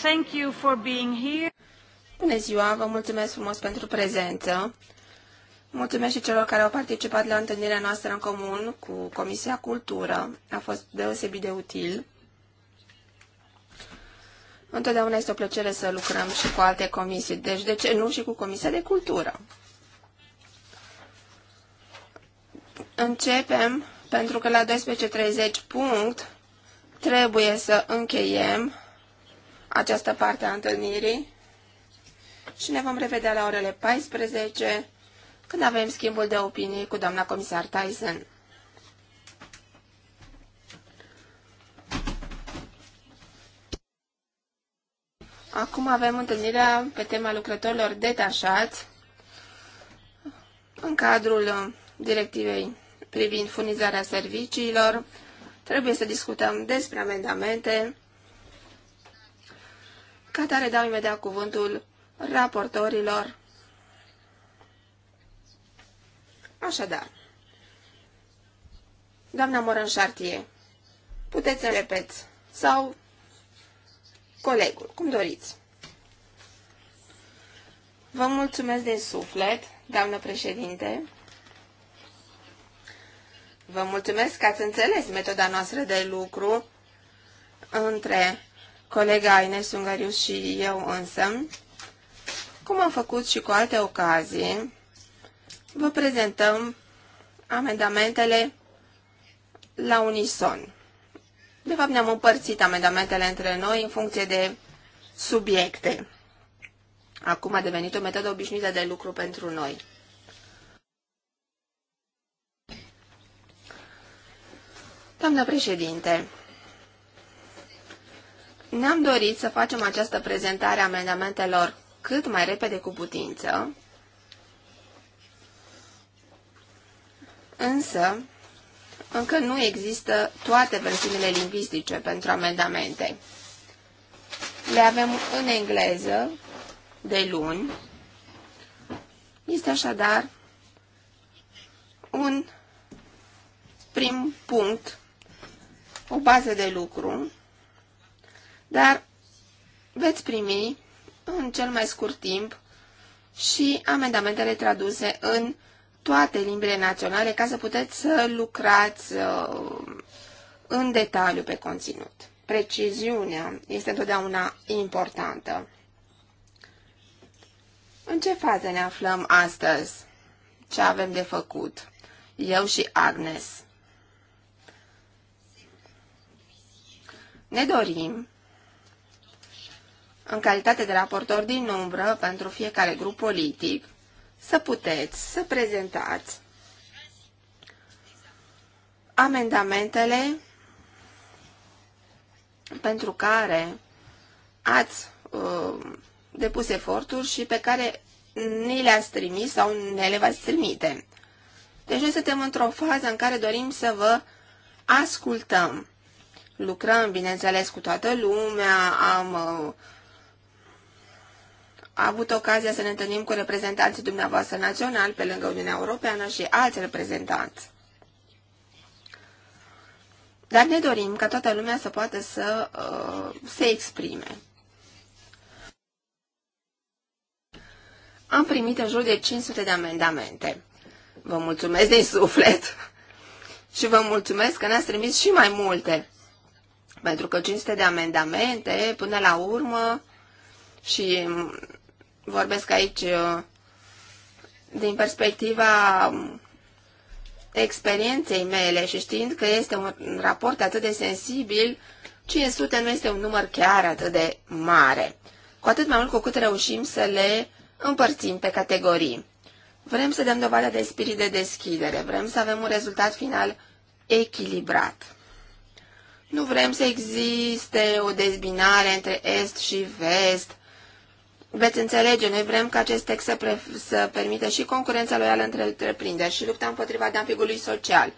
Thank you for being here. Bună ziua, vă mulțumesc frumos pentru prezență. Mulțumesc și celor care au participat la întâlnirea noastră în comun cu Comisia Cultură. A fost deosebit de util. Întotdeauna este o plăcere să lucrăm și cu alte comisii, deci de ce nu și cu Comisia de Cultură? Începem pentru că la 12.30 punct trebuie să încheiem această parte a întâlnirii și ne vom revedea la orele 14, când avem schimbul de opinii cu doamna comisar Tyson. Acum avem întâlnirea pe tema lucrătorilor detașați în cadrul directivei privind furnizarea serviciilor. Trebuie să discutăm despre amendamente. Ca tare dau imediat cuvântul raportorilor. Așadar, doamna Moran Chartier, puteți să repeți sau colegul, cum doriți. Vă mulțumesc din suflet, doamnă președinte. Vă mulțumesc că ați înțeles metoda noastră de lucru între colega Ines Ungariu și eu însă, cum am făcut și cu alte ocazii, vă prezentăm amendamentele la unison. De fapt, ne-am împărțit amendamentele între noi în funcție de subiecte. Acum a devenit o metodă obișnuită de lucru pentru noi. Doamna președinte, ne-am dorit să facem această prezentare a amendamentelor cât mai repede cu putință, însă încă nu există toate versiunile lingvistice pentru amendamente. Le avem în engleză de luni. Este așadar un prim punct, o bază de lucru dar veți primi în cel mai scurt timp și amendamentele traduse în toate limbile naționale ca să puteți să lucrați uh, în detaliu pe conținut. Preciziunea este întotdeauna importantă. În ce fază ne aflăm astăzi? Ce avem de făcut? Eu și Agnes. Ne dorim în calitate de raportor din umbră pentru fiecare grup politic, să puteți să prezentați amendamentele pentru care ați uh, depus eforturi și pe care ni le-ați trimis sau ne le v-ați trimite. Deci noi suntem într-o fază în care dorim să vă ascultăm. Lucrăm, bineînțeles, cu toată lumea, am uh, a avut ocazia să ne întâlnim cu reprezentanții dumneavoastră național pe lângă Uniunea Europeană și alți reprezentanți. Dar ne dorim ca toată lumea să poată să uh, se exprime. Am primit în jur de 500 de amendamente. Vă mulțumesc din suflet și vă mulțumesc că ne-ați trimis și mai multe. Pentru că 500 de amendamente, până la urmă, și vorbesc aici uh, din perspectiva um, experienței mele și știind că este un raport atât de sensibil, 500 nu este un număr chiar atât de mare. Cu atât mai mult cu cât reușim să le împărțim pe categorii. Vrem să dăm dovadă de spirit de deschidere, vrem să avem un rezultat final echilibrat. Nu vrem să existe o dezbinare între est și vest, veți înțelege, noi vrem ca acest text să, pre- să permită și concurența loială între întreprinderi și lupta împotriva dumpingului social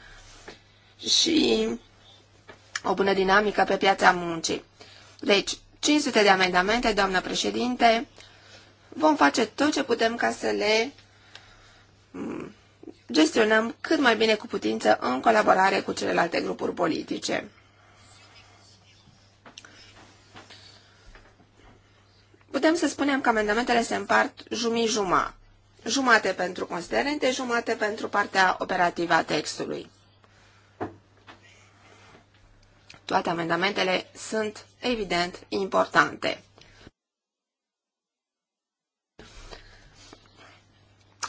și o bună dinamică pe piața muncii. Deci, 500 de amendamente, doamnă președinte, vom face tot ce putem ca să le mm, gestionăm cât mai bine cu putință în colaborare cu celelalte grupuri politice. Putem să spunem că amendamentele se împart jumii-juma, jumate pentru considerente, jumate pentru partea operativă a textului. Toate amendamentele sunt, evident, importante.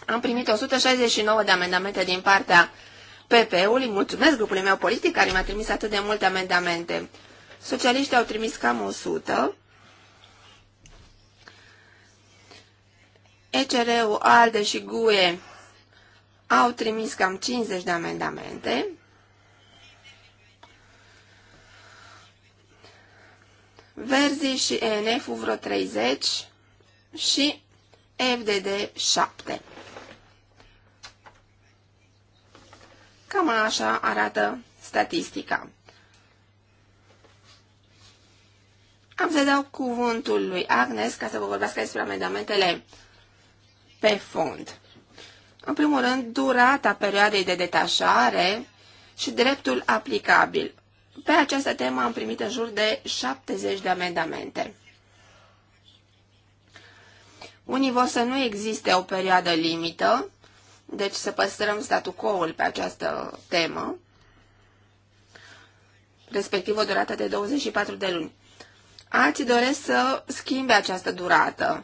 Am primit 169 de amendamente din partea PP-ului. Mulțumesc grupului meu politic care mi-a trimis atât de multe amendamente. Socialiștii au trimis cam 100, ECR-ul, ALDE și GUE au trimis cam 50 de amendamente. Verzi și ENF-ul vreo 30 și FDD 7. Cam așa arată statistica. Am să dau cuvântul lui Agnes ca să vă vorbească despre amendamentele pe fond. În primul rând, durata perioadei de detașare și dreptul aplicabil. Pe această temă am primit în jur de 70 de amendamente. Unii vor să nu existe o perioadă limită, deci să păstrăm statu quo-ul pe această temă, respectiv o durată de 24 de luni. Alții doresc să schimbe această durată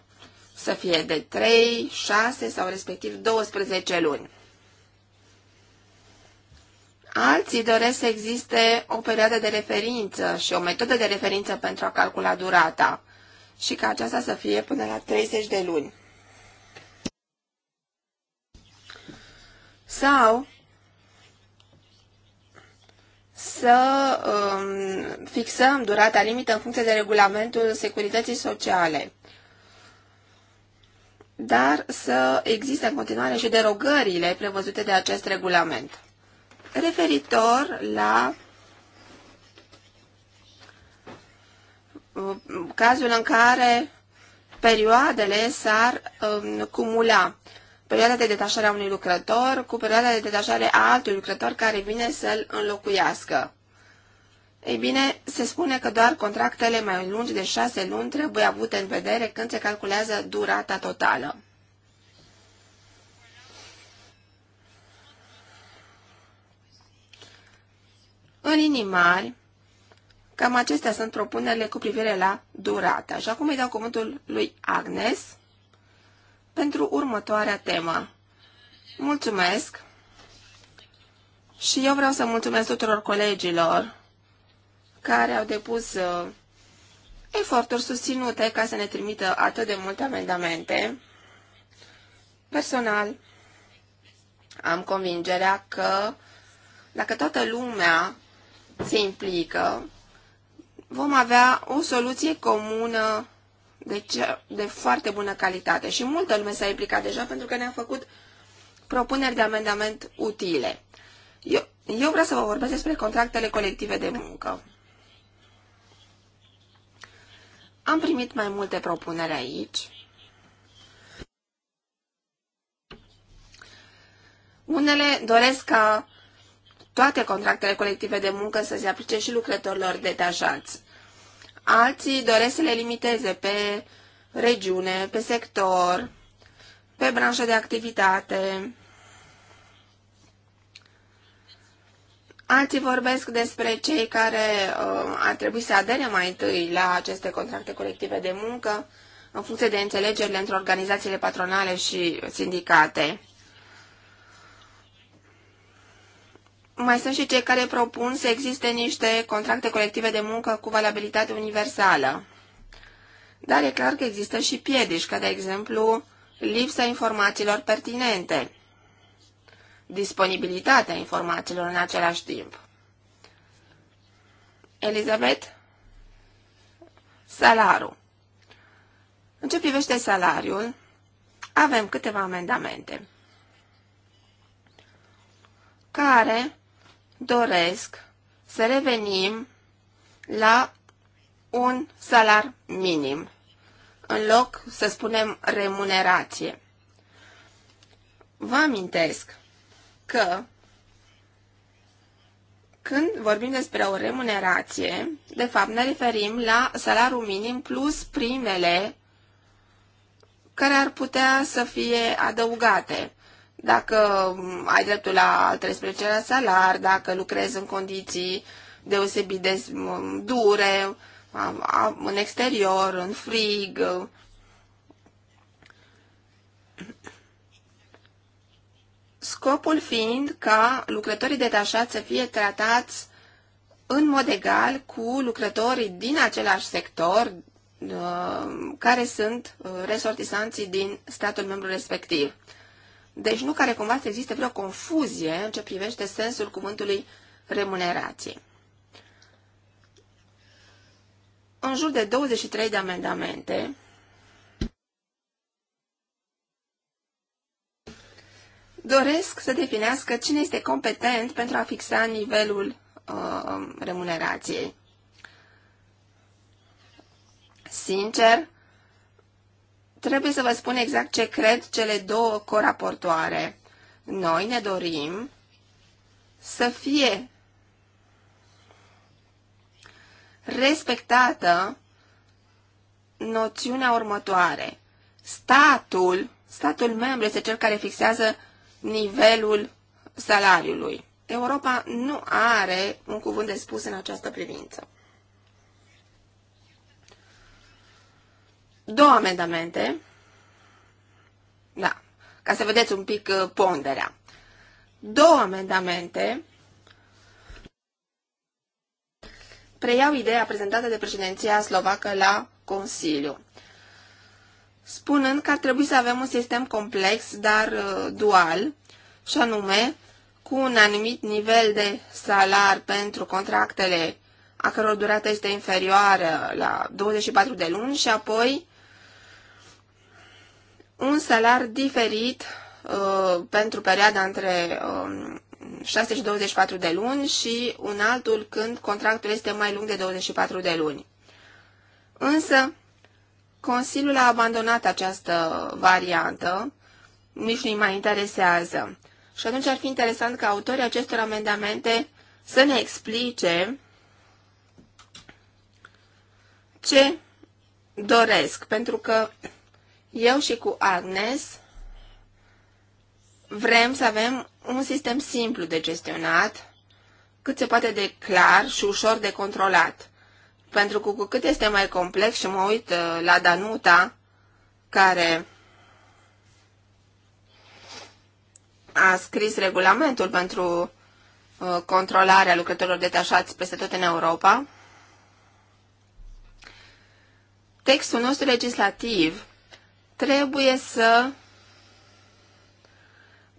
să fie de 3, 6 sau respectiv 12 luni. Alții doresc să existe o perioadă de referință și o metodă de referință pentru a calcula durata și ca aceasta să fie până la 30 de luni. Sau să um, fixăm durata limită în funcție de regulamentul securității sociale dar să existe în continuare și derogările prevăzute de acest regulament. Referitor la uh, cazul în care perioadele s-ar um, cumula. Perioada de detașare a unui lucrător cu perioada de detașare a altui lucrător care vine să-l înlocuiască. Ei bine, se spune că doar contractele mai lungi de șase luni trebuie avute în vedere când se calculează durata totală. În linii mari, cam acestea sunt propunerile cu privire la durata. Și acum îi dau cuvântul lui Agnes pentru următoarea temă. Mulțumesc! Și eu vreau să mulțumesc tuturor colegilor care au depus uh, eforturi susținute ca să ne trimită atât de multe amendamente. Personal, am convingerea că dacă toată lumea se implică, vom avea o soluție comună de, ce, de foarte bună calitate. Și multă lume s-a implicat deja pentru că ne-a făcut propuneri de amendament utile. Eu, eu vreau să vă vorbesc despre contractele colective de muncă. Am primit mai multe propuneri aici. Unele doresc ca toate contractele colective de muncă să se aplice și lucrătorilor detașați. Alții doresc să le limiteze pe regiune, pe sector, pe branșă de activitate, Alții vorbesc despre cei care uh, ar trebui să adere mai întâi la aceste contracte colective de muncă în funcție de înțelegerile între organizațiile patronale și sindicate. Mai sunt și cei care propun să existe niște contracte colective de muncă cu valabilitate universală. Dar e clar că există și piedici, ca de exemplu lipsa informațiilor pertinente disponibilitatea informațiilor în același timp. Elizabeth? Salarul. În ce privește salariul, avem câteva amendamente care doresc să revenim la un salar minim, în loc să spunem remunerație. Vă amintesc că când vorbim despre o remunerație, de fapt ne referim la salariul minim plus primele care ar putea să fie adăugate. Dacă ai dreptul la 13 la salar, dacă lucrezi în condiții deosebit de mm, dure, în exterior, în frig, scopul fiind ca lucrătorii detașați să fie tratați în mod egal cu lucrătorii din același sector uh, care sunt uh, resortisanții din statul membru respectiv. Deci nu care cumva să existe vreo confuzie în ce privește sensul cuvântului remunerație. În jur de 23 de amendamente doresc să definească cine este competent pentru a fixa nivelul uh, remunerației. Sincer, trebuie să vă spun exact ce cred cele două coraportoare. Noi ne dorim să fie respectată noțiunea următoare. Statul, statul membru este cel care fixează nivelul salariului. Europa nu are un cuvânt de spus în această privință. Două amendamente, da, ca să vedeți un pic uh, ponderea. Două amendamente preiau ideea prezentată de președinția slovacă la Consiliu spunând că ar trebui să avem un sistem complex, dar uh, dual, și anume cu un anumit nivel de salar pentru contractele a căror durată este inferioară la 24 de luni și apoi un salar diferit uh, pentru perioada între uh, um, 6 și 24 de luni și un altul când contractul este mai lung de 24 de luni. Însă, Consiliul a abandonat această variantă, nici nu-i mai interesează. Și atunci ar fi interesant ca autorii acestor amendamente să ne explice ce doresc, pentru că eu și cu Agnes vrem să avem un sistem simplu de gestionat, cât se poate de clar și ușor de controlat. Pentru că cu cât este mai complex și mă uit uh, la Danuta, care a scris regulamentul pentru uh, controlarea lucrătorilor detașați peste tot în Europa, textul nostru legislativ trebuie să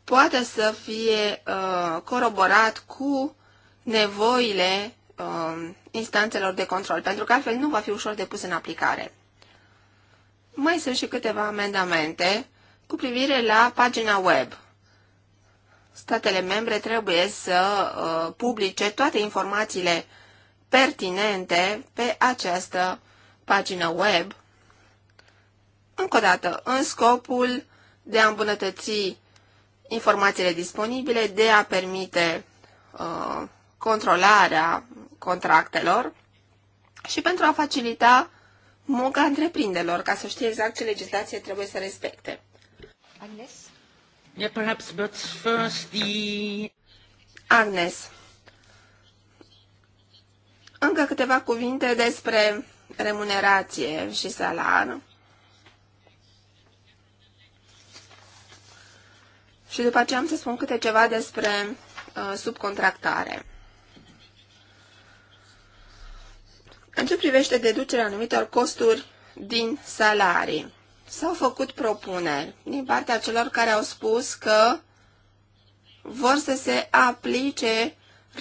poată să fie uh, coroborat cu nevoile uh, instanțelor de control, pentru că altfel nu va fi ușor de pus în aplicare. Mai sunt și câteva amendamente cu privire la pagina web. Statele membre trebuie să uh, publice toate informațiile pertinente pe această pagină web, încă o dată, în scopul de a îmbunătăți informațiile disponibile, de a permite uh, controlarea contractelor și pentru a facilita munca întreprinderilor, ca să știe exact ce legislație trebuie să respecte. Agnes? Yeah, perhaps, but first the... Agnes. Încă câteva cuvinte despre remunerație și salar. Și după aceea am să spun câte ceva despre uh, subcontractare. În ce privește deducerea anumitor costuri din salarii, s-au făcut propuneri din partea celor care au spus că vor să se aplice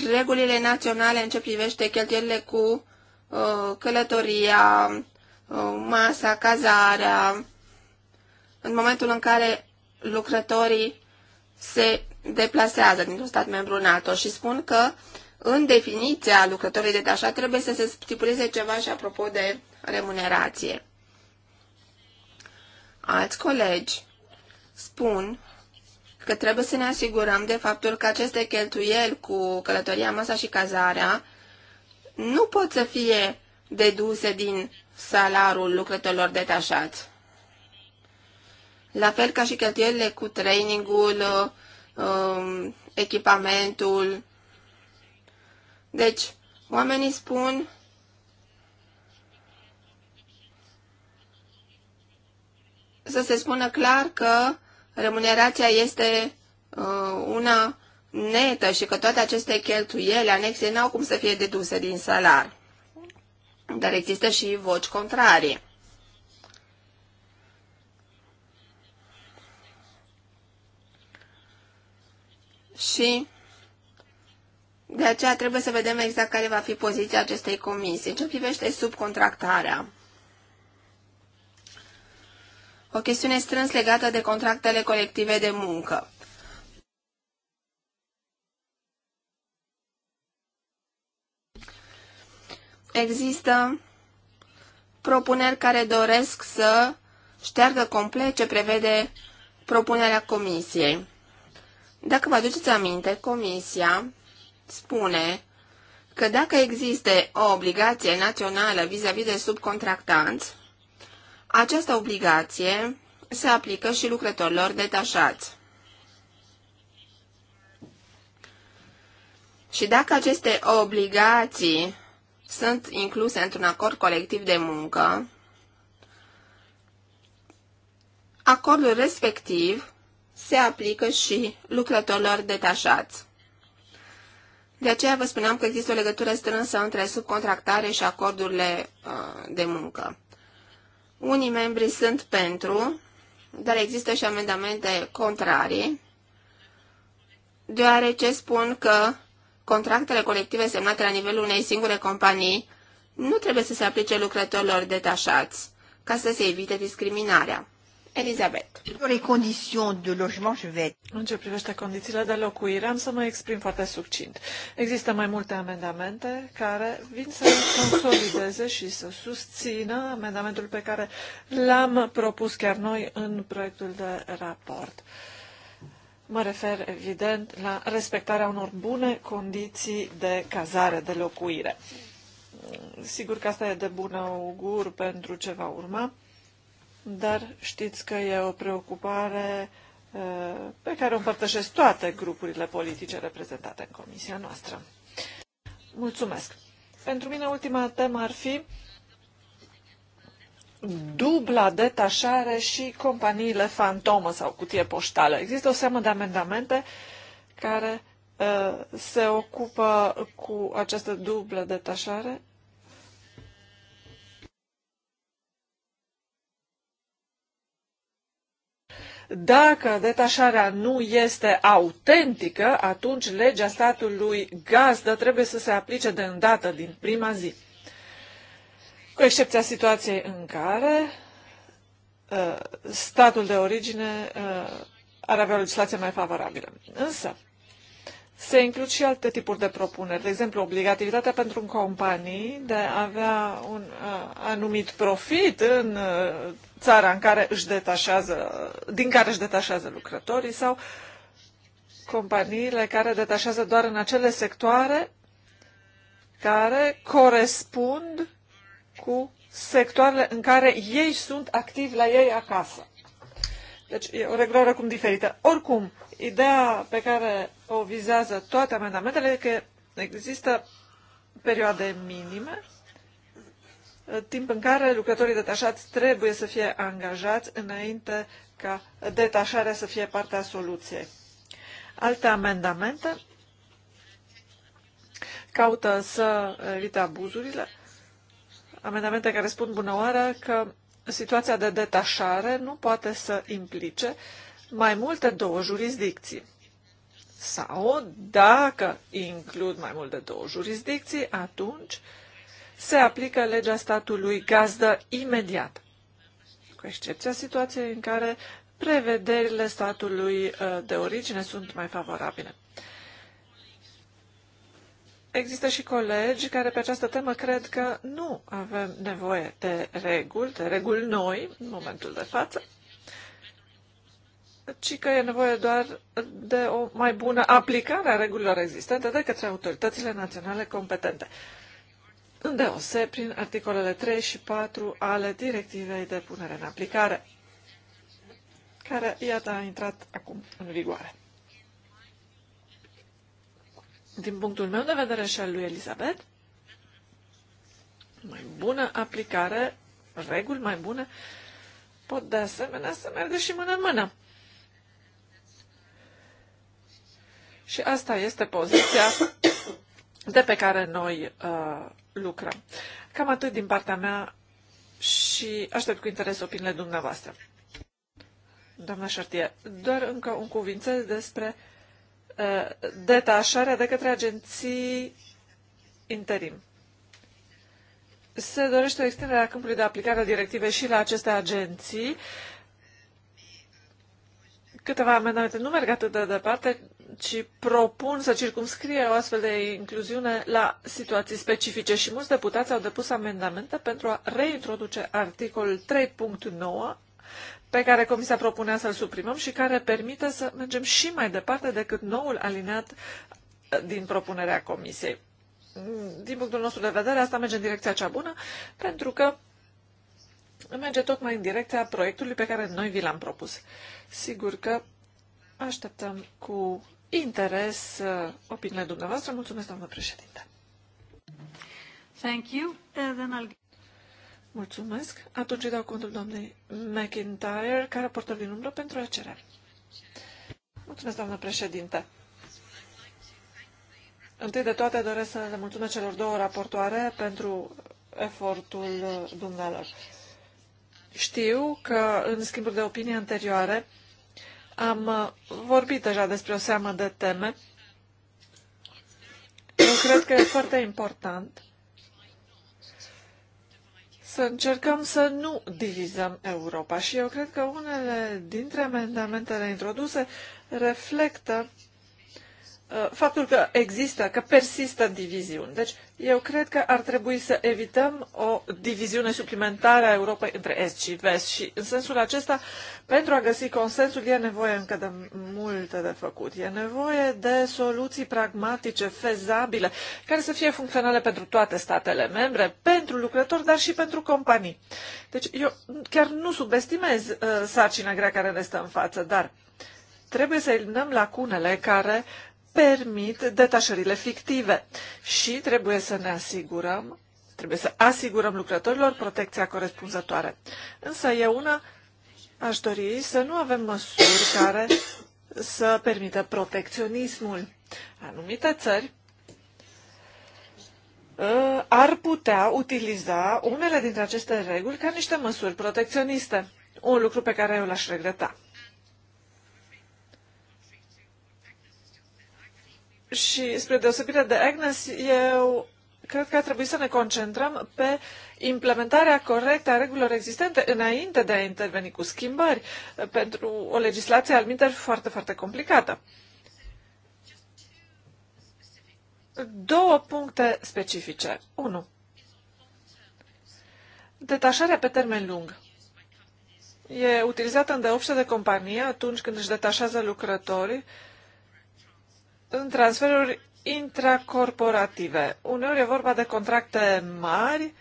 regulile naționale în ce privește cheltuielile cu uh, călătoria, uh, masa, cazarea, în momentul în care lucrătorii se deplasează dintr-un stat membru NATO și spun că în definiția lucrătorii detașați trebuie să se stipuleze ceva și apropo de remunerație. Alți colegi spun că trebuie să ne asigurăm de faptul că aceste cheltuieli cu călătoria, masa și cazarea nu pot să fie deduse din salarul lucrătorilor detașați. La fel ca și cheltuielile cu trainingul, um, echipamentul deci, oamenii spun să se spună clar că remunerația este uh, una netă și că toate aceste cheltuieli anexe n-au cum să fie deduse din salar. Dar există și voci contrarii. Și de aceea trebuie să vedem exact care va fi poziția acestei comisii. În ce privește subcontractarea? O chestiune strâns legată de contractele colective de muncă. Există propuneri care doresc să șteargă complet ce prevede propunerea comisiei. Dacă vă aduceți aminte, comisia spune că dacă există o obligație națională vis-a-vis -vis de subcontractanți, această obligație se aplică și lucrătorilor detașați. Și dacă aceste obligații sunt incluse într-un acord colectiv de muncă, acordul respectiv se aplică și lucrătorilor detașați. De aceea vă spuneam că există o legătură strânsă între subcontractare și acordurile uh, de muncă. Unii membri sunt pentru, dar există și amendamente contrarii, deoarece spun că contractele colective semnate la nivelul unei singure companii nu trebuie să se aplice lucrătorilor detașați, ca să se evite discriminarea. Elizabeth. În ce privește condițiile de locuire, am să mă exprim foarte succint. Există mai multe amendamente care vin să consolideze și să susțină amendamentul pe care l-am propus chiar noi în proiectul de raport. Mă refer, evident, la respectarea unor bune condiții de cazare, de locuire. Sigur că asta e de bună augur pentru ce va urma dar știți că e o preocupare pe care o împărtășesc toate grupurile politice reprezentate în comisia noastră. Mulțumesc! Pentru mine ultima temă ar fi dubla detașare și companiile fantomă sau cutie poștală. Există o seamă de amendamente care uh, se ocupă cu această dublă detașare Dacă detașarea nu este autentică, atunci legea statului gazdă trebuie să se aplice de îndată, din prima zi. Cu excepția situației în care uh, statul de origine uh, ar avea o legislație mai favorabilă. Însă, se includ și alte tipuri de propuneri, de exemplu obligativitatea pentru companii de a avea un uh, anumit profit în uh, țara în care își detașează, din care își detașează lucrătorii sau companiile care detașează doar în acele sectoare care corespund cu sectoarele în care ei sunt activi la ei acasă. Deci e o reglă oricum diferită. Oricum, ideea pe care o vizează toate amendamentele e că există perioade minime, timp în care lucrătorii detașați trebuie să fie angajați înainte ca detașarea să fie partea soluției. Alte amendamente caută să evite abuzurile, amendamente care spun bună oară că situația de detașare nu poate să implice mai multe două jurisdicții. Sau, dacă includ mai mult de două jurisdicții, atunci se aplică legea statului gazdă imediat, cu excepția situației în care prevederile statului uh, de origine sunt mai favorabile. Există și colegi care pe această temă cred că nu avem nevoie de reguli, de reguli noi în momentul de față, ci că e nevoie doar de o mai bună aplicare a regulilor existente de către autoritățile naționale competente. Îndeose prin articolele 3 și 4 ale directivei de punere în aplicare, care, iată, a intrat acum în vigoare din punctul meu de vedere și al lui Elizabeth, mai bună aplicare, reguli mai bune, pot de asemenea să meargă și mână în mână. Și asta este poziția de pe care noi uh, lucrăm. Cam atât din partea mea și aștept cu interes opiniile dumneavoastră. Doamna Șartie, doar încă un cuvințel despre Uh, detașarea de către agenții interim. Se dorește o extindere a câmpului de aplicare a directivei și la aceste agenții. Câteva amendamente nu merg atât de departe, ci propun să circumscrie o astfel de incluziune la situații specifice și mulți deputați au depus amendamente pentru a reintroduce articolul 3.9 pe care Comisia propunea să-l suprimăm și care permite să mergem și mai departe decât noul alineat uh, din propunerea Comisiei. Mm, din punctul nostru de vedere, asta merge în direcția cea bună, pentru că merge tocmai în direcția proiectului pe care noi vi l-am propus. Sigur că așteptăm cu interes uh, opiniile dumneavoastră. Mulțumesc, doamnă președinte. Thank you. Uh, then I'll... Mulțumesc. Atunci dau contul doamnei McIntyre, ca raportor din umbră, pentru a cere. Mulțumesc, doamnă președinte. Întâi de toate doresc să le mulțumesc celor două raportoare pentru efortul dumnealor. Știu că în schimbul de opinie anterioare am vorbit deja despre o seamă de teme. Eu cred că e foarte important să încercăm să nu divizăm Europa. Și eu cred că unele dintre amendamentele introduse reflectă Uh, faptul că există, că persistă diviziuni. Deci, eu cred că ar trebui să evităm o diviziune suplimentară a Europei între Est și Vest și, în sensul acesta, pentru a găsi consensul, e nevoie încă de multe de făcut. E nevoie de soluții pragmatice, fezabile, care să fie funcționale pentru toate statele membre, pentru lucrători, dar și pentru companii. Deci, eu chiar nu subestimez uh, sarcina grea care ne stă în față, dar trebuie să eliminăm lacunele care uh, permit detașările fictive și trebuie să ne asigurăm, trebuie să asigurăm lucrătorilor protecția corespunzătoare. Însă e una aș dori să nu avem măsuri care să permită protecționismul. Anumite țări ă, ar putea utiliza unele dintre aceste reguli ca niște măsuri protecționiste, un lucru pe care eu l-aș regreta. și spre deosebire de Agnes, eu cred că ar trebui să ne concentrăm pe implementarea corectă a regulilor existente înainte de a interveni cu schimbări pentru o legislație al minter foarte, foarte complicată. Două puncte specifice. 1. Detașarea pe termen lung. E utilizată în deopște de companie atunci când își detașează lucrătorii în transferuri intracorporative. Uneori e vorba de contracte mari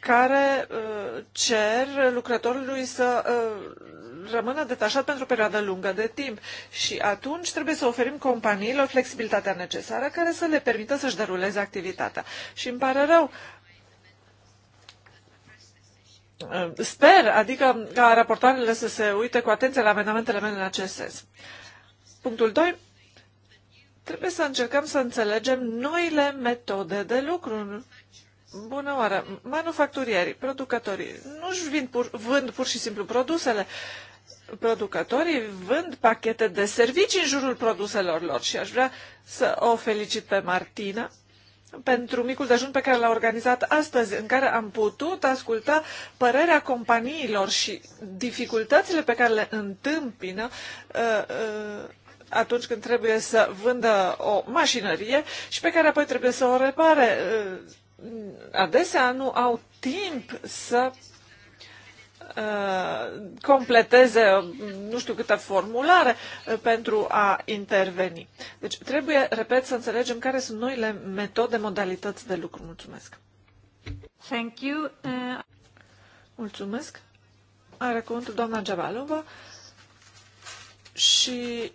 care uh, cer lucrătorului să uh, rămână detașat pentru o perioadă lungă de timp și atunci trebuie să oferim companiilor flexibilitatea necesară care să le permită să-și deruleze activitatea. Și îmi pare rău, uh, sper, adică ca raportoarele să se uite cu atenție la amendamentele mele în acest sens. Punctul 2 Trebuie să încercăm să înțelegem noile metode de lucru. Bună oară! Manufacturierii, producătorii, nu-și vând pur, vând pur și simplu produsele. Producătorii vând pachete de servicii în jurul produselor lor și aș vrea să o felicit pe Martina pentru micul dejun pe care l-a organizat astăzi, în care am putut asculta părerea companiilor și dificultățile pe care le întâmpină uh, uh, atunci când trebuie să vândă o mașinărie și pe care apoi trebuie să o repare. Uh, adesea nu au timp să uh, completeze nu știu câte formulare uh, pentru a interveni. Deci trebuie, repet, să înțelegem care sunt noile metode, modalități de lucru. Mulțumesc! Thank you. Mulțumesc! Are cuvântul doamna Geabalova și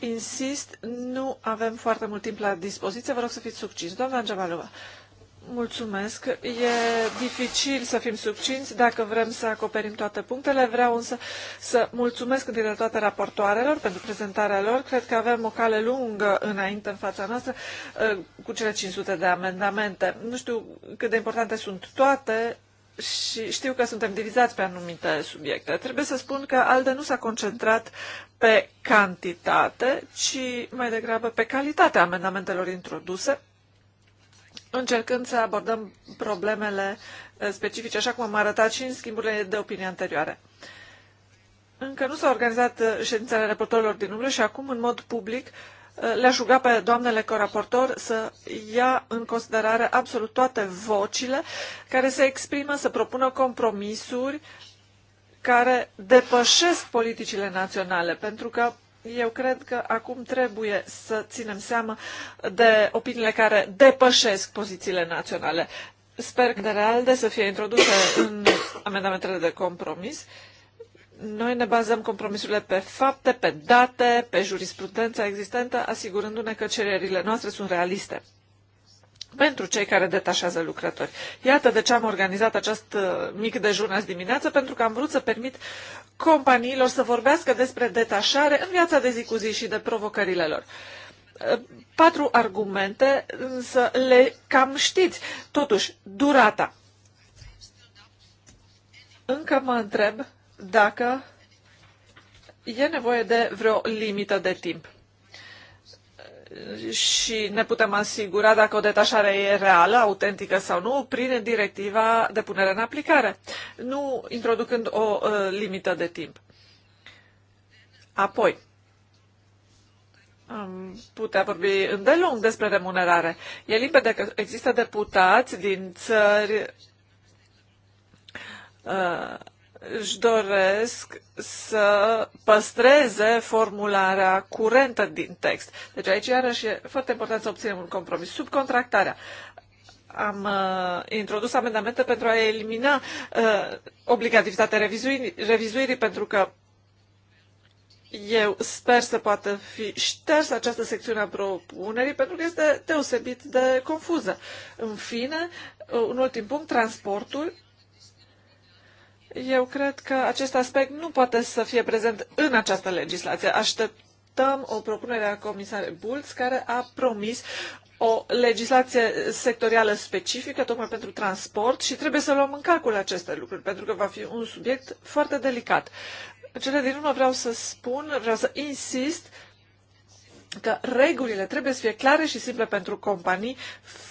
Insist, nu avem foarte mult timp la dispoziție, vă rog să fiți succinți. Doamna Angevalova, mulțumesc. E dificil să fim succinți dacă vrem să acoperim toate punctele. Vreau însă să mulțumesc întâi de toate raportoarelor pentru prezentarea lor. Cred că avem o cale lungă înainte în fața noastră eh, cu cele 500 de amendamente. Nu știu cât de importante sunt toate, și știu că suntem divizați pe anumite subiecte. Trebuie să spun că ALDE nu s-a concentrat pe cantitate, ci mai degrabă pe calitatea amendamentelor introduse, încercând să abordăm problemele eh, specifice, așa cum am arătat și în schimburile de opinie anterioare. Încă nu s-au organizat eh, ședințele reportorilor din umbră și acum, în mod public, le-aș ruga pe doamnele coraportor să ia în considerare absolut toate vocile care se exprimă, să propună compromisuri care depășesc politicile naționale, pentru că eu cred că acum trebuie să ținem seama de opiniile care depășesc pozițiile naționale. Sper că de realde să fie introduse în amendamentele de compromis noi ne bazăm compromisurile pe fapte, pe date, pe jurisprudența existentă, asigurându-ne că cererile noastre sunt realiste pentru cei care detașează lucrători. Iată de ce am organizat acest uh, mic dejun azi dimineață, pentru că am vrut să permit companiilor să vorbească despre detașare în viața de zi cu zi și de provocările lor. Uh, patru argumente, însă le cam știți. Totuși, durata. Încă mă întreb dacă e nevoie de vreo limită de timp și ne putem asigura dacă o detașare e reală, autentică sau nu, prin directiva de punere în aplicare, nu introducând o uh, limită de timp. Apoi, am putea vorbi îndelung despre remunerare. E limpede că există deputați din țări uh, își doresc să păstreze formularea curentă din text. Deci aici iarăși e foarte important să obținem un compromis. Subcontractarea. Am uh, introdus amendamente pentru a elimina uh, obligativitatea revizuirii, revizuirii, pentru că eu sper să poată fi ștersă această secțiune a propunerii, pentru că este deosebit de confuză. În fine, un ultim punct, transportul eu cred că acest aspect nu poate să fie prezent în această legislație. Așteptăm o propunere a comisarei Bulț care a promis o legislație sectorială specifică tocmai pentru transport și trebuie să luăm în calcul aceste lucruri, pentru că va fi un subiect foarte delicat. În cele din urmă vreau să spun, vreau să insist că regulile trebuie să fie clare și simple pentru companii,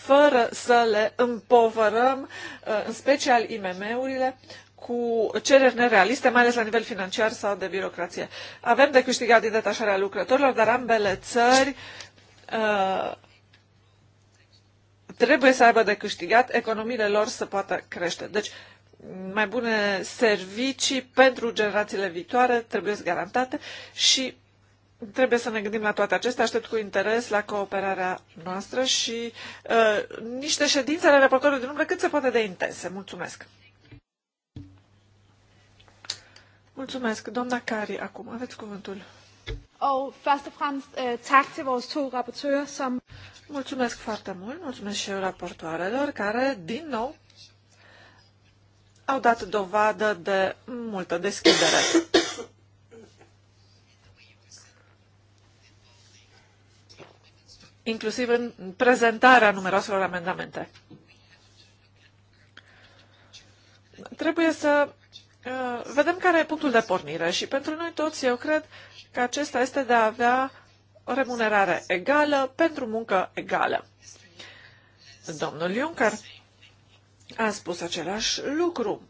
fără să le împovărăm, uh, în special IMM-urile, cu cereri nerealiste, mai ales la nivel financiar sau de birocrație. Avem de câștigat din detașarea lucrătorilor, dar ambele țări uh, trebuie să aibă de câștigat, economiile lor să poată crește. Deci, mai bune servicii pentru generațiile viitoare trebuie să garantate și trebuie să ne gândim la toate acestea. Aștept cu interes la cooperarea noastră și uh, niște ședințe ale raportorului din umbră cât se poate de intense. Mulțumesc! Mulțumesc. Doamna Cari, acum aveți cuvântul. Og først og fremmest øh, tak til vores to rapportører, som... Mulțumesc foarte mult, mulțumesc și raportoarelor, care, din nou, au dat dovadă de multă deschidere. inclusiv în prezentarea numeroaselor amendamente. Trebuie să Uh, vedem care e punctul de pornire și pentru noi toți eu cred că acesta este de a avea o remunerare egală pentru muncă egală. Domnul Juncker a spus același lucru.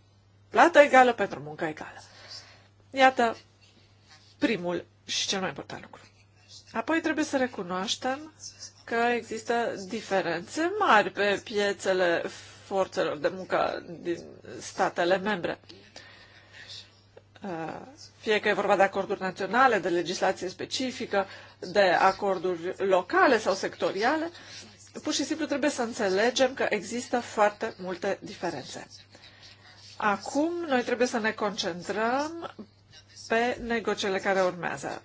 Plată egală pentru muncă egală. Iată primul și cel mai important lucru. Apoi trebuie să recunoaștem că există diferențe mari pe piețele forțelor de muncă din statele membre. Uh, fie că e vorba de acorduri naționale, de legislație specifică, de acorduri locale sau sectoriale, pur și simplu trebuie să înțelegem că există foarte multe diferențe. Acum noi trebuie să ne concentrăm pe negocierile care urmează.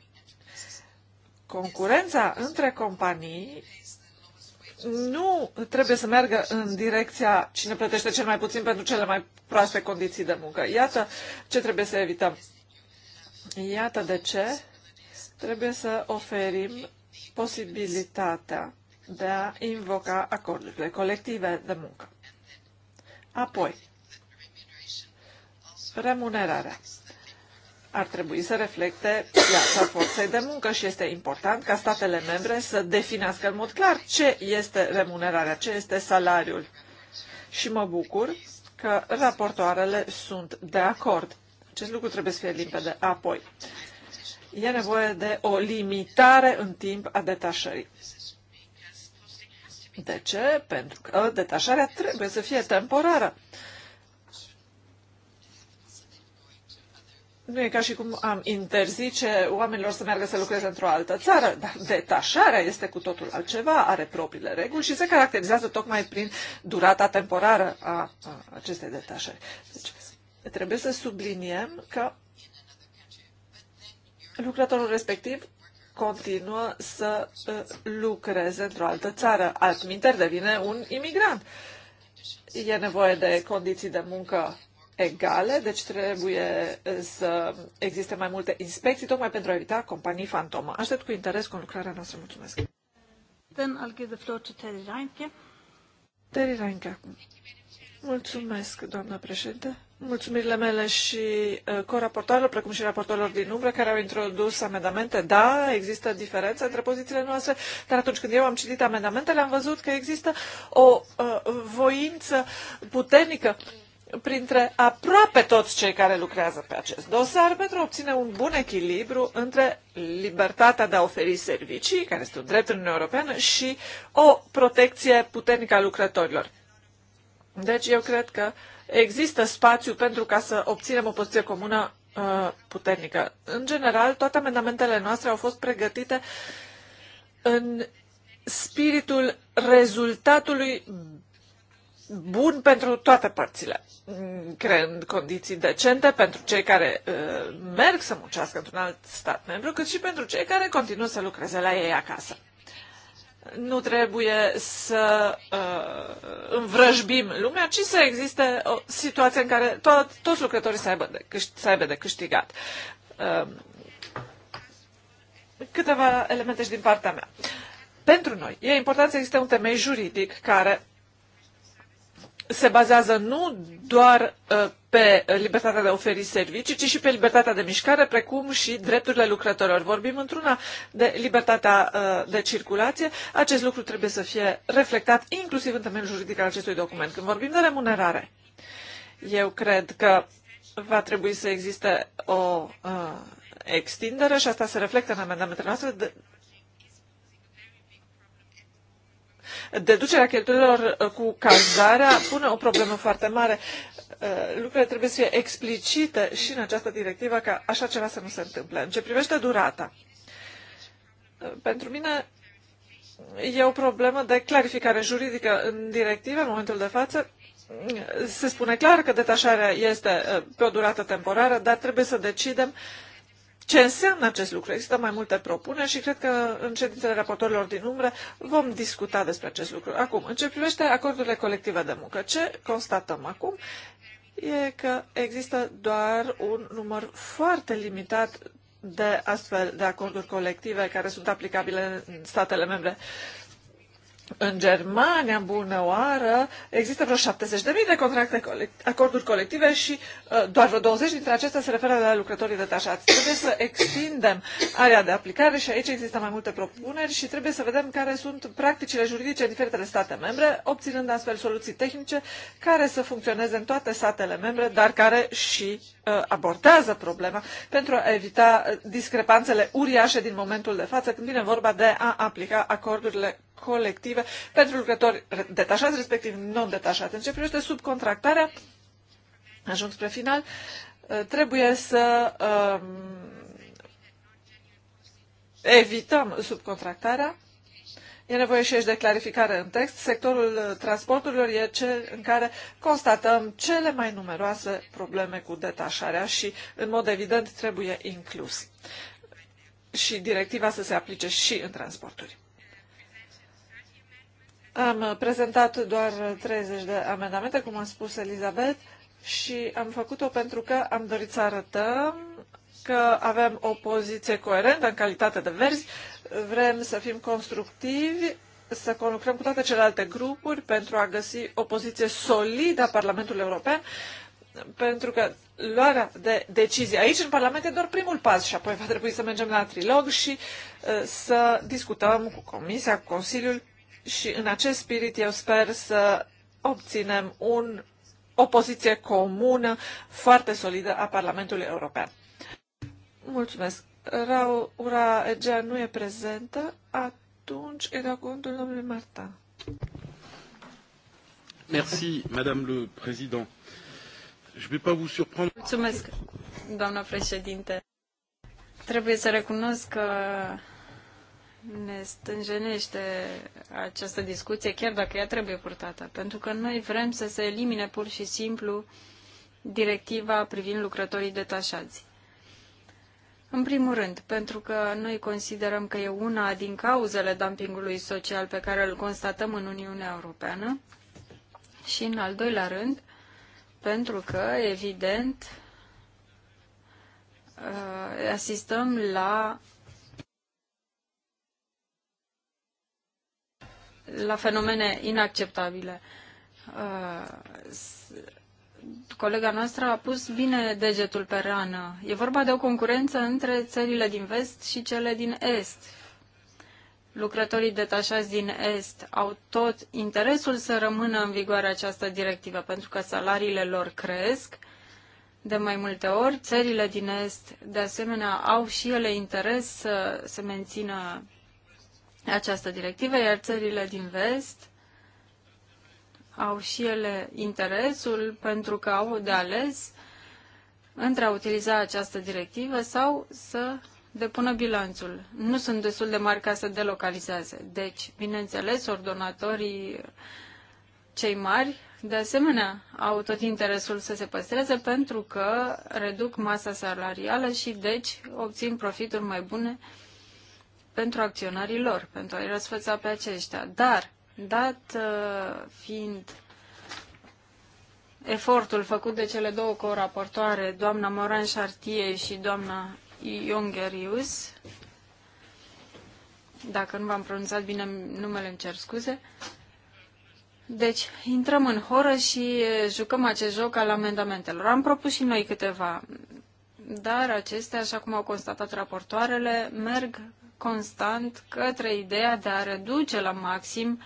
Concurența între companii nu trebuie să meargă în direcția cine plătește cel mai puțin pentru cele mai proaste condiții de muncă. Iată ce trebuie să evităm. Iată de ce trebuie să oferim posibilitatea de a invoca acordurile colective de muncă. Apoi, remunerarea ar trebui să reflecte piața forței de muncă și este important ca statele membre să definească în mod clar ce este remunerarea, ce este salariul. Și mă bucur că raportoarele sunt de acord. Acest lucru trebuie să fie limpede. Apoi, e nevoie de o limitare în timp a detașării. De ce? Pentru că detașarea trebuie să fie temporară. nu e ca și cum am interzice oamenilor să meargă să lucreze într-o altă țară, dar detașarea este cu totul altceva, are propriile reguli și se caracterizează tocmai prin durata temporară a, a acestei detașări. Deci, trebuie să subliniem că lucrătorul respectiv continuă să lucreze într-o altă țară. Altminteri devine un imigrant. E nevoie de condiții de muncă egale, deci trebuie să existe mai multe inspecții, tocmai pentru a evita companii fantomă. Aștept cu interes conlucrarea noastră. Mulțumesc! Then I'll give the floor to Terry Reinke. Terry Reinke Mulțumesc, doamna președinte. Mulțumirile mele și uh, coraportorilor, precum și raportorilor din umbră, care au introdus amendamente. Da, există diferențe între pozițiile noastre, dar atunci când eu am citit amendamentele, am văzut că există o uh, voință puternică uh, printre aproape toți cei care lucrează pe acest dosar pentru a obține un bun echilibru între libertatea de a oferi servicii, care este un drept în Uniunea Europeană, și o protecție puternică a lucrătorilor. Deci eu cred că există spațiu pentru ca să obținem o poziție comună uh, puternică. În general, toate amendamentele noastre au fost pregătite în spiritul rezultatului bun pentru toate părțile, creând condiții decente pentru cei care uh, merg să muncească într-un alt stat membru, cât și pentru cei care continuă să lucreze la ei acasă. Nu trebuie să uh, învrăjbim lumea, ci să existe o situație în care to- toți lucrătorii să aibă de, câș- să aibă de câștigat. Uh, câteva elemente și din partea mea. Pentru noi e important să existe un temei juridic care se bazează nu doar uh, pe uh, libertatea de a oferi servicii, ci și pe libertatea de mișcare, precum și drepturile lucrătorilor. Vorbim într-una de libertatea uh, de circulație. Acest lucru trebuie să fie reflectat inclusiv în temeiul juridic al acestui document. Când vorbim de remunerare, eu cred că va trebui să existe o extindere și asta se reflectă în amendamentele noastre de, deducerea cheltuielor uh, cu cazarea pune o problemă foarte mare. Uh, lucrurile trebuie să fie explicite și în această directivă ca așa ceva să nu se întâmple. În ce privește durata, uh, pentru mine e o problemă de clarificare juridică în directivă în momentul de față. Se spune clar că detașarea este pe o durată temporară, dar trebuie să decidem uh, ce înseamnă acest lucru. Există mai multe propuneri și cred că în ședințele raportorilor din umbră vom discuta despre acest lucru. Acum, în ce privește acordurile colective de muncă, ce constatăm acum e că există doar un număr foarte limitat de astfel de acorduri colective care sunt aplicabile în statele membre. În Germania, bună oară, există vreo 70.000 de contracte, acorduri colective și uh, doar vreo 20 dintre acestea se referă la lucrătorii detașați. Trebuie să extindem area de aplicare și aici există mai multe propuneri și trebuie să vedem care sunt practicile juridice în diferitele state membre, obținând astfel soluții tehnice care să funcționeze în toate statele membre, dar care și uh, abordează problema pentru a evita uh, discrepanțele uriașe din momentul de față când vine vorba de a aplica acordurile colective pentru lucrători detașați, respectiv non-detașați. În ce privește subcontractarea, ajuns spre final, uh, trebuie să um, evităm subcontractarea. E nevoie și aici de clarificare în text. Sectorul uh, transporturilor e cel în care constatăm cele mai numeroase probleme cu detașarea și, în mod evident, trebuie inclus și directiva să se aplice și în transporturi. Am prezentat doar 30 de amendamente, cum a spus Elizabeth, și am făcut-o pentru că am dorit să arătăm că avem o poziție coerentă în calitate de verzi, vrem să fim constructivi, să conlucrăm cu toate celelalte grupuri pentru a găsi o poziție solidă a Parlamentului European, pentru că luarea de decizii aici în Parlament e doar primul pas și apoi va trebui să mergem la trilog și uh, să discutăm cu Comisia, cu Consiliul și în acest spirit eu sper să obținem un, o poziție comună foarte solidă a Parlamentului European. Mulțumesc. Raura Egea nu e prezentă, atunci e dau cuvântul domnului Marta. Merci, Madame le Président. Je vais pas vous surprendre. Mulțumesc, doamna președinte. Trebuie să recunosc că ne stânjenește această discuție, chiar dacă ea trebuie purtată, pentru că noi vrem să se elimine pur și simplu directiva privind lucrătorii detașați. În primul rând, pentru că noi considerăm că e una din cauzele dumpingului social pe care îl constatăm în Uniunea Europeană și, în al doilea rând, pentru că, evident, uh, asistăm la la fenomene inacceptabile. Uh, colega noastră a pus bine degetul pe rană. E vorba de o concurență între țările din vest și cele din est. Lucrătorii detașați din Est au tot interesul să rămână în vigoare această directivă, pentru că salariile lor cresc de mai multe ori. Țările din Est, de asemenea, au și ele interes să se mențină această directivă, iar țările din vest au și ele interesul pentru că au de ales între a utiliza această directivă sau să depună bilanțul. Nu sunt destul de mari ca să delocalizeze. Deci, bineînțeles, ordonatorii cei mari, de asemenea, au tot interesul să se păstreze pentru că reduc masa salarială și, deci, obțin profituri mai bune pentru acționarii lor, pentru a-i răsfăța pe aceștia. Dar, dat uh, fiind efortul făcut de cele două co-raportoare, doamna Moran Chartie și doamna Iongerius, dacă nu v-am pronunțat bine numele, îmi cer scuze. Deci, intrăm în horă și uh, jucăm acest joc al amendamentelor. Am propus și noi câteva, dar acestea, așa cum au constatat raportoarele, merg constant către ideea de a reduce la maxim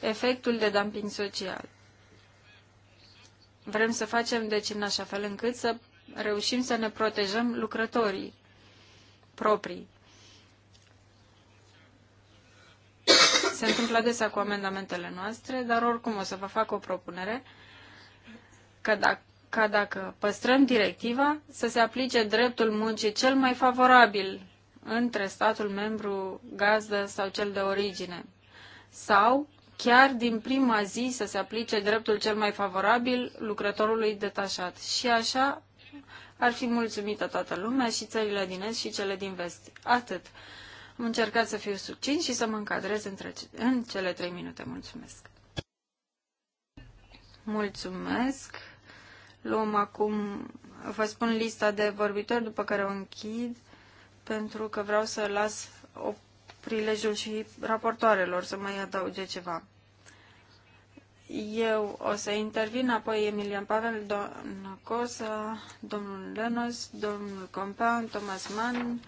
efectul de dumping social. Vrem să facem deci în așa fel încât să reușim să ne protejăm lucrătorii proprii. Se întâmplă adesea cu amendamentele noastre, dar oricum o să vă fac o propunere că dacă ca dacă păstrăm directiva, să se aplice dreptul muncii cel mai favorabil între statul membru gazdă sau cel de origine. Sau chiar din prima zi să se aplice dreptul cel mai favorabil lucrătorului detașat. Și așa ar fi mulțumită toată lumea și țările din Est și cele din Vest. Atât. Am încercat să fiu succint și să mă încadrez între, în cele trei minute. Mulțumesc! Mulțumesc! Luăm acum, vă spun lista de vorbitori, după care o închid pentru că vreau să las o prilejul și raportoarelor să mai adauge ceva. Eu o să intervin, apoi Emilian Pavel, doamna Cosa, domnul Lenos, domnul Compan, Thomas Mann,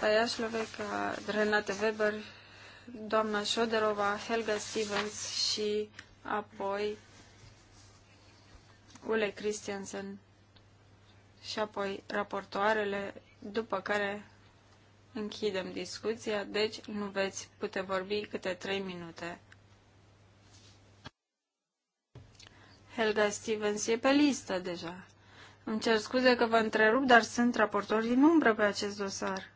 Taiașloveca, Renate Weber, doamna Șoderova, Helga Stevens și apoi Ule Christiansen și apoi raportoarele, după care Închidem discuția, deci nu veți putea vorbi câte trei minute. Helga Stevens e pe listă deja. Îmi cer scuze că vă întrerup, dar sunt raportor din umbră pe acest dosar.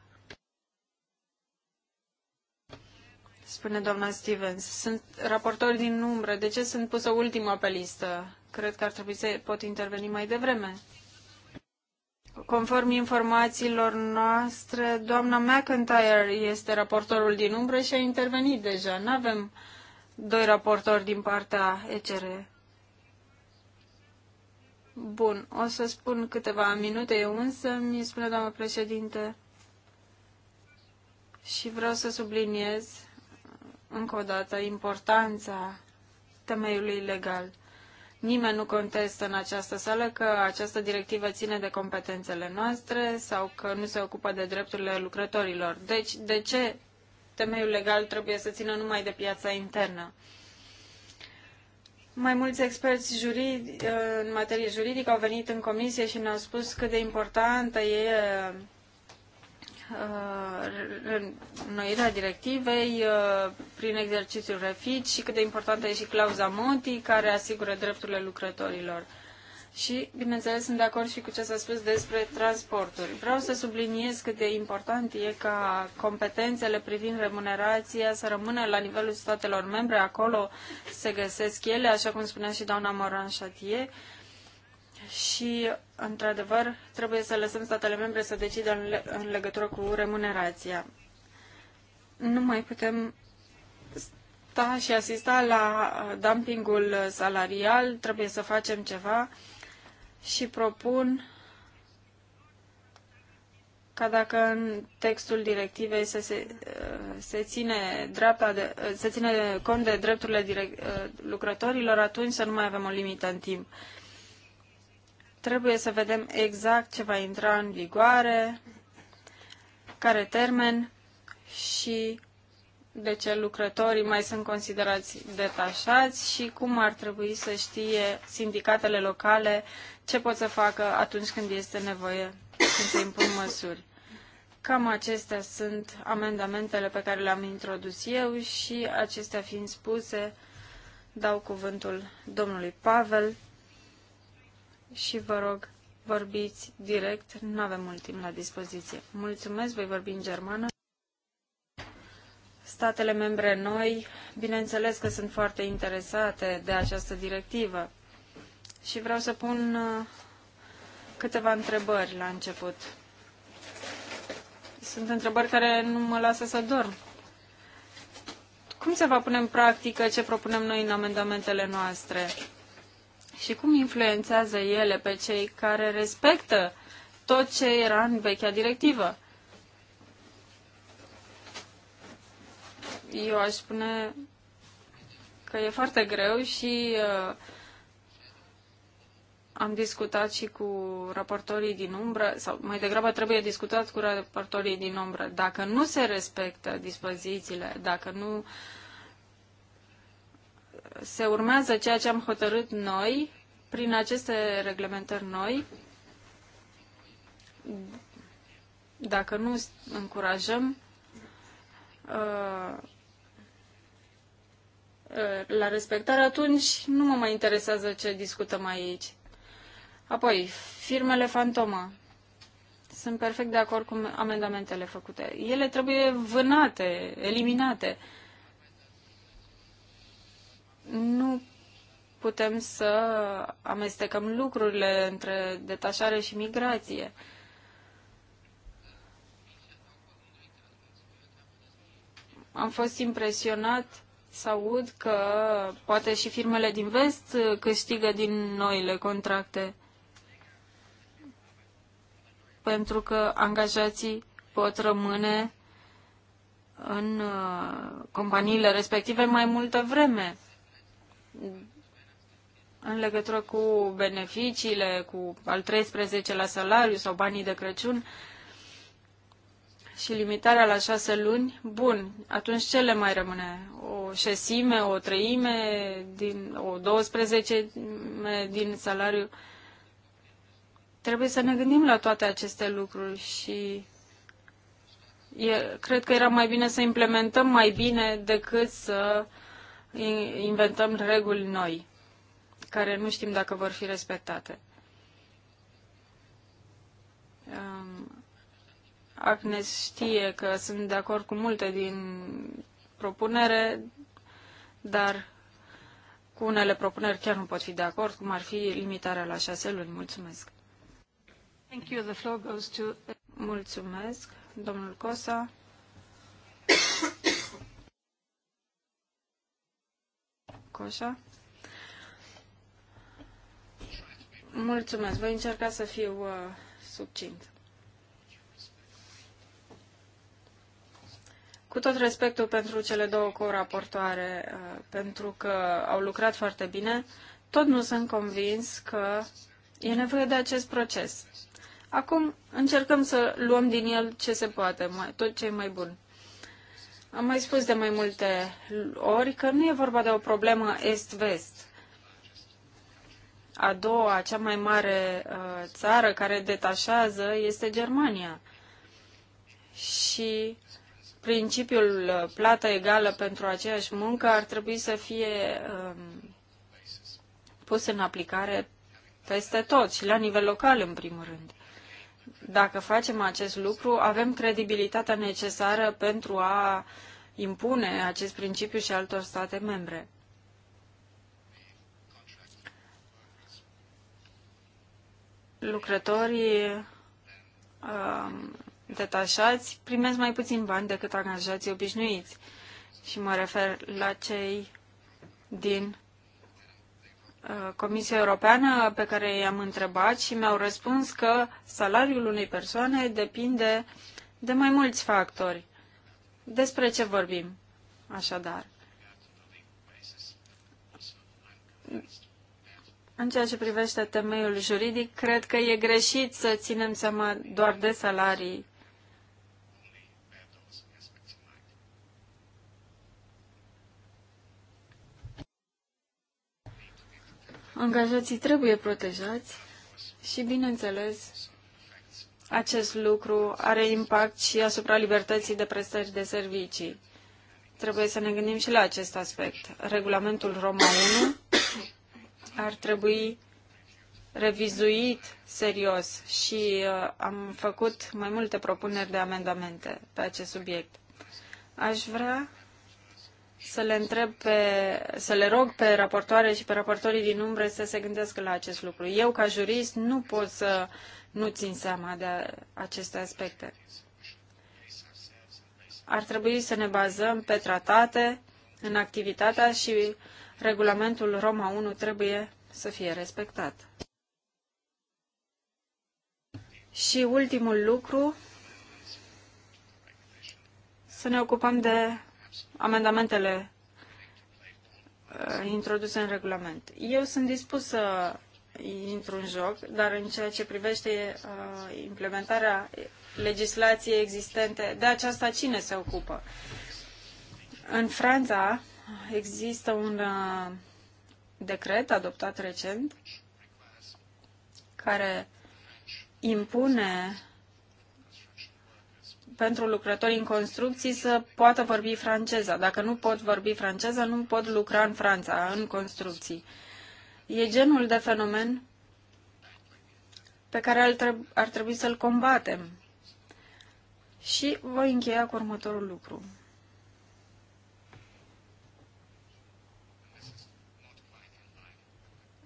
Spune doamna Stevens, sunt raportor din umbră. De ce sunt pusă ultima pe listă? Cred că ar trebui să pot interveni mai devreme. Conform informațiilor noastre, doamna McIntyre este raportorul din umbră și a intervenit deja. Nu avem doi raportori din partea ECR. Bun, o să spun câteva minute eu însă, mi spune doamna președinte. Și vreau să subliniez încă o dată importanța temeiului legal. Nimeni nu contestă în această sală că această directivă ține de competențele noastre sau că nu se ocupă de drepturile lucrătorilor. Deci, de ce temeiul legal trebuie să țină numai de piața internă? Mai mulți experți juridi, în materie juridică au venit în comisie și ne-au spus cât de importantă e Uh, înnoirea directivei uh, prin exercițiul refit și cât de importantă e și clauza Monti care asigură drepturile lucrătorilor. Și, bineînțeles, sunt de acord și cu ce s-a spus despre transporturi. Vreau să subliniez cât de important e ca competențele privind remunerația să rămână la nivelul statelor membre. Acolo se găsesc ele, așa cum spunea și doamna Moran Chatier și, într-adevăr, trebuie să lăsăm statele membre să decidă în, le- în legătură cu remunerația. Nu mai putem sta și asista la uh, dumpingul salarial, trebuie să facem ceva și propun ca dacă în textul directivei să se, uh, se, ține, dreapta de, uh, se ține cont de drepturile direct, lucrătorilor, atunci să nu mai avem o limită în timp. Trebuie să vedem exact ce va intra în vigoare, care termen și de ce lucrătorii mai sunt considerați detașați și cum ar trebui să știe sindicatele locale ce pot să facă atunci când este nevoie, când se impun măsuri. Cam acestea sunt amendamentele pe care le-am introdus eu și acestea fiind spuse, dau cuvântul domnului Pavel și vă rog, vorbiți direct, nu avem mult timp la dispoziție. Mulțumesc, voi vorbi în germană. Statele membre noi, bineînțeles că sunt foarte interesate de această directivă și vreau să pun uh, câteva întrebări la început. Sunt întrebări care nu mă lasă să dorm. Cum se va pune în practică ce propunem noi în amendamentele noastre? și cum influențează ele pe cei care respectă tot ce era în vechea directivă. Eu aș spune că e foarte greu și uh, am discutat și cu raportorii din umbră, sau mai degrabă trebuie discutat cu raportorii din umbră. Dacă nu se respectă dispozițiile, dacă nu uh, se urmează ceea ce am hotărât noi prin aceste reglementări noi. Dacă nu încurajăm uh, uh, la respectare, atunci nu mă mai interesează ce discutăm aici. Apoi, firmele fantomă. Sunt perfect de acord cu amendamentele făcute. Ele trebuie vânate, eliminate. Uh, nu putem să amestecăm lucrurile între detașare și migrație. Am fost impresionat să aud că poate și firmele din vest câștigă din noile contracte pentru că angajații pot rămâne în uh, companiile respective mai multă vreme în legătură cu beneficiile, cu al 13 la salariu sau banii de Crăciun și limitarea la șase luni, bun, atunci ce le mai rămâne? O șesime, o treime, din, o 12 din salariu? Trebuie să ne gândim la toate aceste lucruri și e, cred că era mai bine să implementăm mai bine decât să uh, inventăm reguli noi, care nu știm dacă vor fi respectate. Um, Agnes știe că sunt de acord cu multe din propunere, dar cu unele propuneri chiar nu pot fi de acord, cum ar fi limitarea la șase luni. Mulțumesc. Thank you. The floor goes to... Mulțumesc, domnul Cosa. Coșa. Mulțumesc. Voi încerca să fiu uh, subțint. Cu tot respectul pentru cele două co-raportoare, uh, pentru că au lucrat foarte bine, tot nu sunt convins că e nevoie de acest proces. Acum încercăm să luăm din el ce se poate, mai, tot ce e mai bun. Am mai spus de mai multe ori că nu e vorba de o problemă est-vest. A doua, cea mai mare uh, țară care detașează este Germania. Și principiul uh, plată egală pentru aceeași muncă ar trebui să fie uh, pus în aplicare peste tot și la nivel local, în primul rând. Dacă facem acest lucru, avem credibilitatea necesară pentru a impune acest principiu și altor state membre. Lucrătorii uh, detașați primesc mai puțin bani decât angajații obișnuiți. Și mă refer la cei din Uh, Comisia Europeană pe care i-am întrebat și mi-au răspuns că salariul unei persoane depinde de mai mulți factori. Despre ce vorbim, așadar? În ceea ce privește temeiul juridic, cred că e greșit să ținem seama doar de salarii Angajații trebuie protejați și, bineînțeles, acest lucru are impact și asupra libertății de prestări de servicii. Trebuie să ne gândim și la acest aspect. Regulamentul Roma 1 ar trebui revizuit serios și uh, am făcut mai multe propuneri de amendamente pe acest subiect. Aș vrea să le întreb pe, să le rog pe raportoare și pe raportorii din umbre să se gândească la acest lucru. Eu, ca jurist, nu pot să nu țin seama de aceste aspecte. Ar trebui să ne bazăm pe tratate, în activitatea și regulamentul Roma 1 trebuie să fie respectat. Și ultimul lucru, să ne ocupăm de amendamentele uh, introduse în regulament. Eu sunt dispus să intru în joc, dar în ceea ce privește uh, implementarea legislației existente, de aceasta cine se ocupă? În Franța există un uh, decret adoptat recent care impune pentru lucrătorii în construcții să poată vorbi franceza. Dacă nu pot vorbi franceza, nu pot lucra în Franța, în construcții. E genul de fenomen pe care ar, trebui să-l combatem. Și voi încheia cu următorul lucru.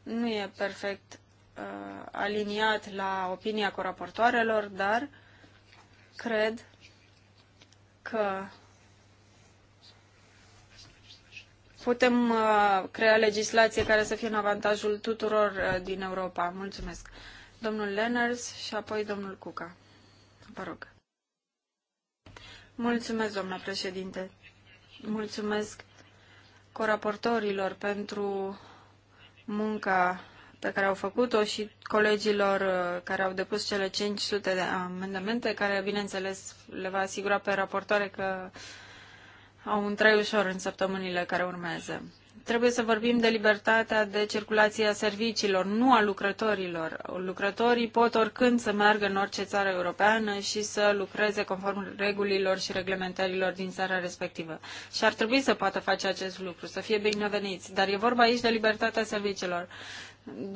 Nu e perfect uh, aliniat la opinia coraportoarelor, dar cred că putem uh, crea legislație care să fie în avantajul tuturor uh, din Europa. Mulțumesc. Domnul Lenners și apoi domnul Cuca. Vă rog. Mulțumesc, doamna președinte. Mulțumesc coraportorilor pentru munca pe care au făcut-o și colegilor uh, care au depus cele 500 de amendamente, care, bineînțeles, le va asigura pe raportoare că au un trai ușor în săptămânile care urmează. Trebuie să vorbim de libertatea de circulație a serviciilor, nu a lucrătorilor. Lucrătorii pot oricând să meargă în orice țară europeană și să lucreze conform regulilor și reglementărilor din țara respectivă. Și ar trebui să poată face acest lucru, să fie bineveniți. Dar e vorba aici de libertatea serviciilor.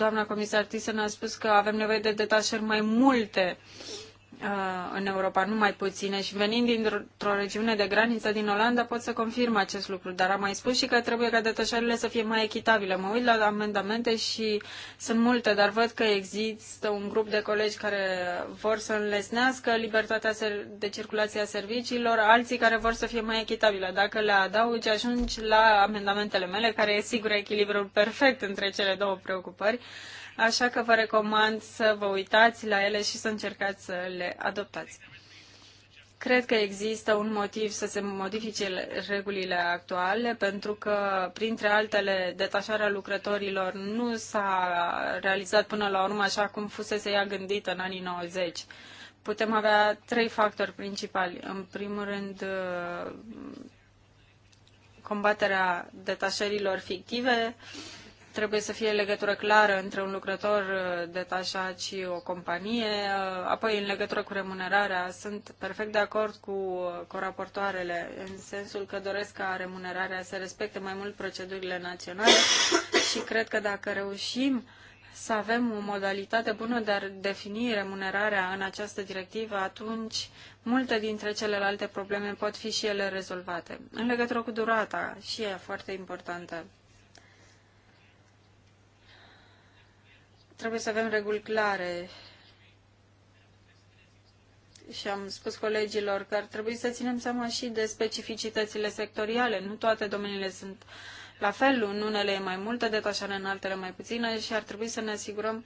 Doamna comisar Thyssen a spus că avem nevoie de detașări mai multe. Uh, Uh, în Europa, nu mai puține. Și venind dintr-o regiune de graniță din Olanda, pot să confirm acest lucru. Dar am mai spus și că trebuie ca detașările să fie mai echitabile. Mă uit la amendamente și sunt multe, dar văd că există un grup de colegi care vor să înlesnească libertatea de circulație a serviciilor, alții care vor să fie mai echitabile. Dacă le adaugi, ajungi la amendamentele mele, care e sigur echilibrul perfect între cele două preocupări. Uh, așa că vă recomand să vă uitați la ele și să încercați să le adoptați. Cred că există un motiv să se modifice regulile actuale, pentru că, printre altele, detașarea lucrătorilor nu s-a realizat până la urmă așa cum fusese ea gândită în anii 90. Putem avea trei factori principali. În primul rând, combaterea detașărilor fictive, trebuie să fie legătură clară între un lucrător uh, detașat și o companie. Uh, apoi, în legătură cu remunerarea, sunt perfect de acord cu uh, coraportoarele, în sensul că doresc ca remunerarea să respecte mai mult procedurile naționale și cred că dacă reușim să avem o modalitate bună de a defini remunerarea în această directivă, atunci multe dintre celelalte probleme pot fi și ele rezolvate. În legătură cu durata, și e foarte importantă. Trebuie să avem reguli clare. Și am spus colegilor că ar trebui să ținem seama și de specificitățile sectoriale. Nu toate domeniile sunt la fel, în unele e mai multă detașare, în altele mai puțină și ar trebui să ne asigurăm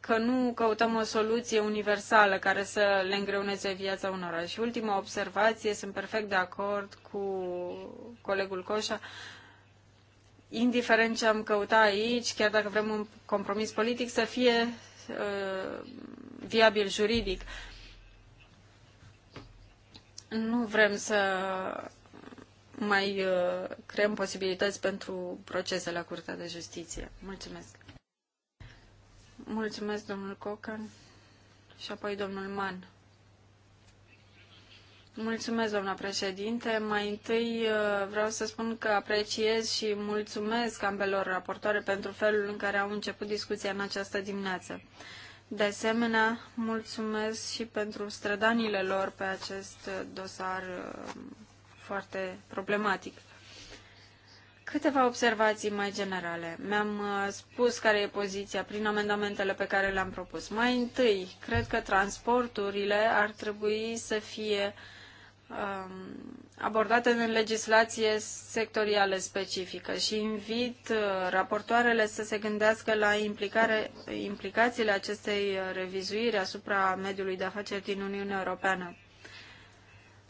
că nu căutăm o soluție universală care să le îngreuneze viața unora. Și ultima observație, sunt perfect de acord cu colegul Coșa, indiferent ce am căutat aici, chiar dacă vrem un compromis politic, să fie uh, viabil juridic. Nu vrem să mai uh, creăm posibilități pentru procese la Curtea de Justiție. Mulțumesc. Mulțumesc, domnul Cocan și apoi domnul Mann. Mulțumesc, doamna președinte. Mai întâi uh, vreau să spun că apreciez și mulțumesc ambelor raportoare pentru felul în care au început discuția în această dimineață. De asemenea, mulțumesc și pentru strădanile lor pe acest dosar uh, foarte problematic. Câteva observații mai generale. Mi-am uh, spus care e poziția prin amendamentele pe care le-am propus. Mai întâi, cred că transporturile ar trebui să fie uh, Um, abordate în legislație sectorială specifică și invit uh, raportoarele să se gândească la implicare, implicațiile acestei revizuiri asupra mediului de afaceri din Uniunea Europeană.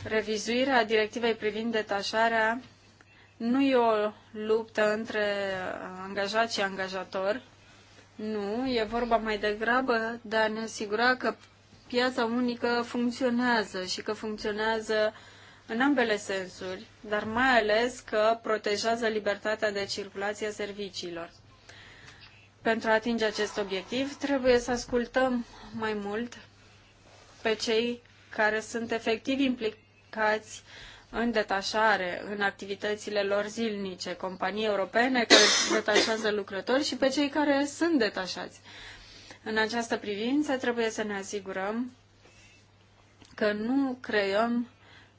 Revizuirea directivei privind detașarea nu e o luptă între angajat și angajator, nu, e vorba mai degrabă de a ne asigura că piața unică funcționează și că funcționează în ambele sensuri, dar mai ales că protejează libertatea de circulație a serviciilor. Pentru a atinge acest obiectiv, trebuie să ascultăm mai mult pe cei care sunt efectiv implicați în detașare, în activitățile lor zilnice, companii europene care detașează lucrători și pe cei care sunt detașați. În această privință trebuie să ne asigurăm că nu creăm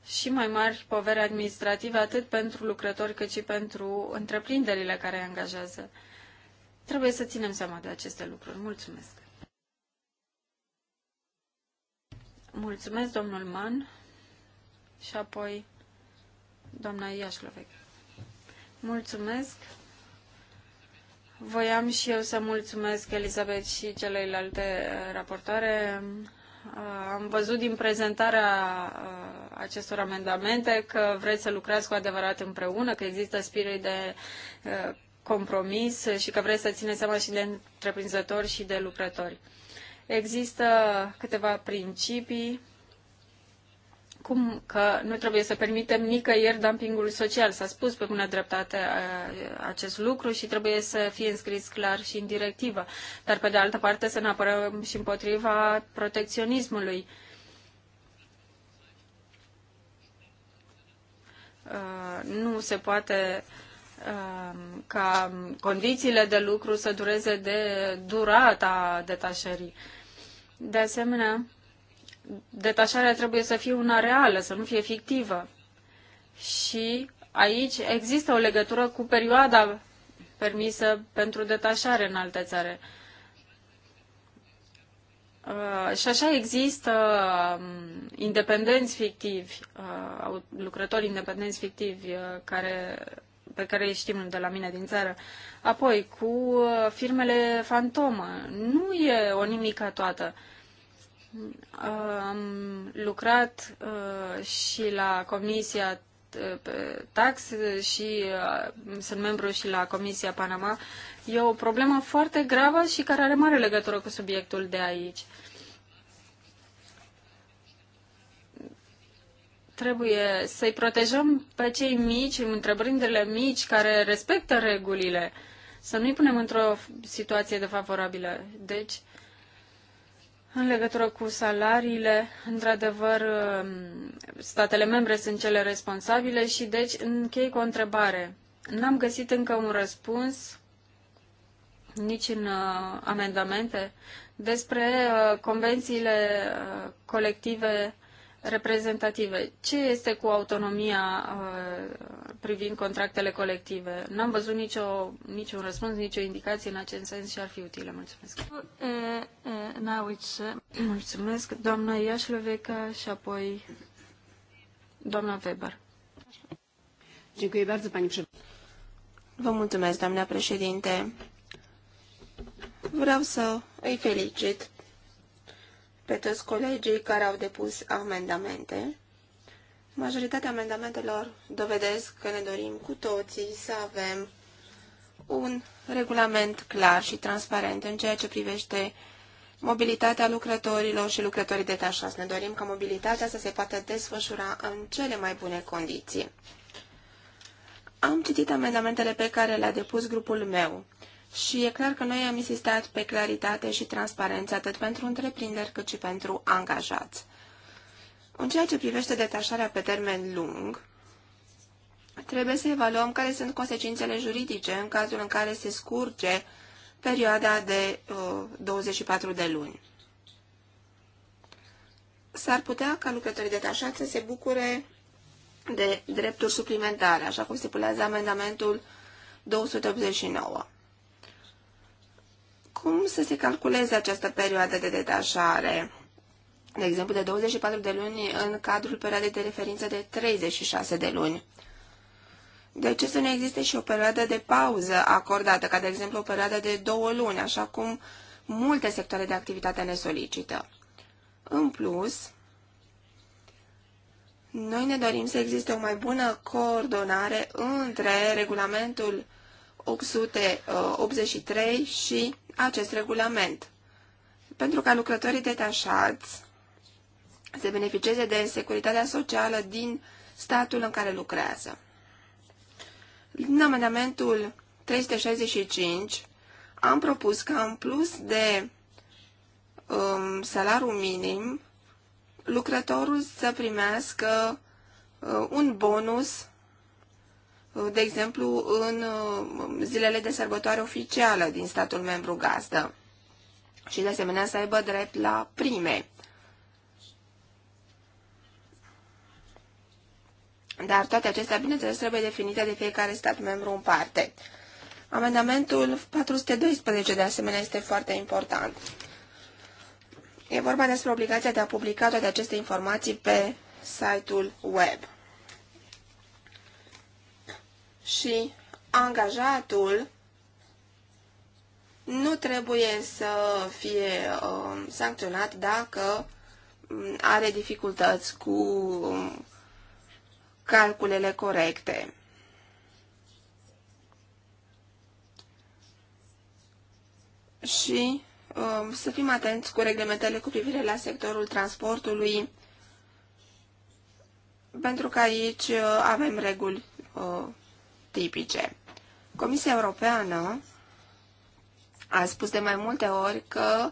și mai mari poveri administrative atât pentru lucrători cât și pentru întreprinderile care îi angajează. Trebuie să ținem seama de aceste lucruri. Mulțumesc! Mulțumesc, domnul Man, și apoi doamna Iașlovec. Mulțumesc! Voiam și eu să mulțumesc Elizabeth și celelalte uh, raportoare. Uh, am văzut din prezentarea uh, acestor amendamente că vreți să lucrați cu adevărat împreună, că există spirit de compromis și că vreți să țineți seama și de întreprinzători și de lucrători. Există câteva principii cum că nu trebuie să permitem nicăieri dumpingul social. S-a spus pe bună dreptate uh, acest lucru și trebuie să fie înscris clar și în directivă. Dar, pe de altă parte, să ne apărăm și împotriva protecționismului. Uh, nu se poate uh, ca condițiile de lucru să dureze de durata detașării. De asemenea, detașarea trebuie să fie una reală, să nu fie fictivă. Și aici există o legătură cu perioada permisă pentru detașare în alte țare. Uh, și așa există um, independenți fictivi, uh, lucrători independenți fictivi uh, care, pe care îi știm de la mine din țară. Apoi, cu firmele fantomă, nu e o nimica toată. Uh, am lucrat uh, și la Comisia uh, Tax și uh, sunt membru și la Comisia Panama. E o problemă foarte gravă și care are mare legătură cu subiectul de aici. trebuie să-i protejăm pe cei mici, întreprinderile mici care respectă regulile, să nu-i punem într-o situație defavorabilă. Deci, în legătură cu salariile, într-adevăr, um, statele membre sunt cele responsabile și deci închei cu o întrebare. N-am găsit încă un răspuns, nici în uh, amendamente, despre uh, convențiile uh, colective reprezentative. Ce este cu autonomia privind contractele colective. N-am văzut nicio, niciun răspuns, nicio indicație în acest sens și ar fi utile. Mulțumesc. Mulțumesc, doamna Iașloveca și apoi doamna Weber. Vă mulțumesc, doamna președinte. Vreau să îi felicit pe toți colegii care au depus amendamente Majoritatea amendamentelor dovedesc că ne dorim cu toții să avem un regulament clar și transparent în ceea ce privește mobilitatea lucrătorilor și lucrătorii detașați. Ne dorim ca mobilitatea să se poată desfășura în cele mai bune condiții. Am citit amendamentele pe care le-a depus grupul meu și e clar că noi am insistat pe claritate și transparență atât pentru întreprinderi cât și pentru angajați. În ceea ce privește detașarea pe termen lung, trebuie să evaluăm care sunt consecințele juridice în cazul în care se scurge perioada de uh, 24 de luni. S-ar putea ca lucrătorii detașați să se bucure de drepturi suplimentare, așa cum stipulează amendamentul 289. Cum să se calculeze această perioadă de detașare? de exemplu, de 24 de luni în cadrul perioadei de referință de 36 de luni. De ce să nu existe și o perioadă de pauză acordată, ca de exemplu o perioadă de două luni, așa cum multe sectoare de activitate ne solicită? În plus, noi ne dorim să existe o mai bună coordonare între regulamentul 883 uh, și acest regulament, pentru ca lucrătorii detașați să beneficieze de securitatea socială din statul în care lucrează. În amendamentul 365 am propus ca în plus de um, salariul minim, lucrătorul să primească uh, un bonus, uh, de exemplu, în uh, zilele de sărbătoare oficială din statul membru gazdă și de asemenea să aibă drept la prime. Dar toate acestea, bineînțeles, trebuie definite de fiecare stat membru în parte. Amendamentul 412, de asemenea, este foarte important. E vorba despre obligația de a publica toate aceste informații pe site-ul web. Și angajatul nu trebuie să fie uh, sancționat dacă um, are dificultăți cu um, calculele corecte. Și um, să fim atenți cu reglementările cu privire la sectorul transportului, pentru că aici uh, avem reguli uh, tipice. Comisia Europeană a spus de mai multe ori că uh,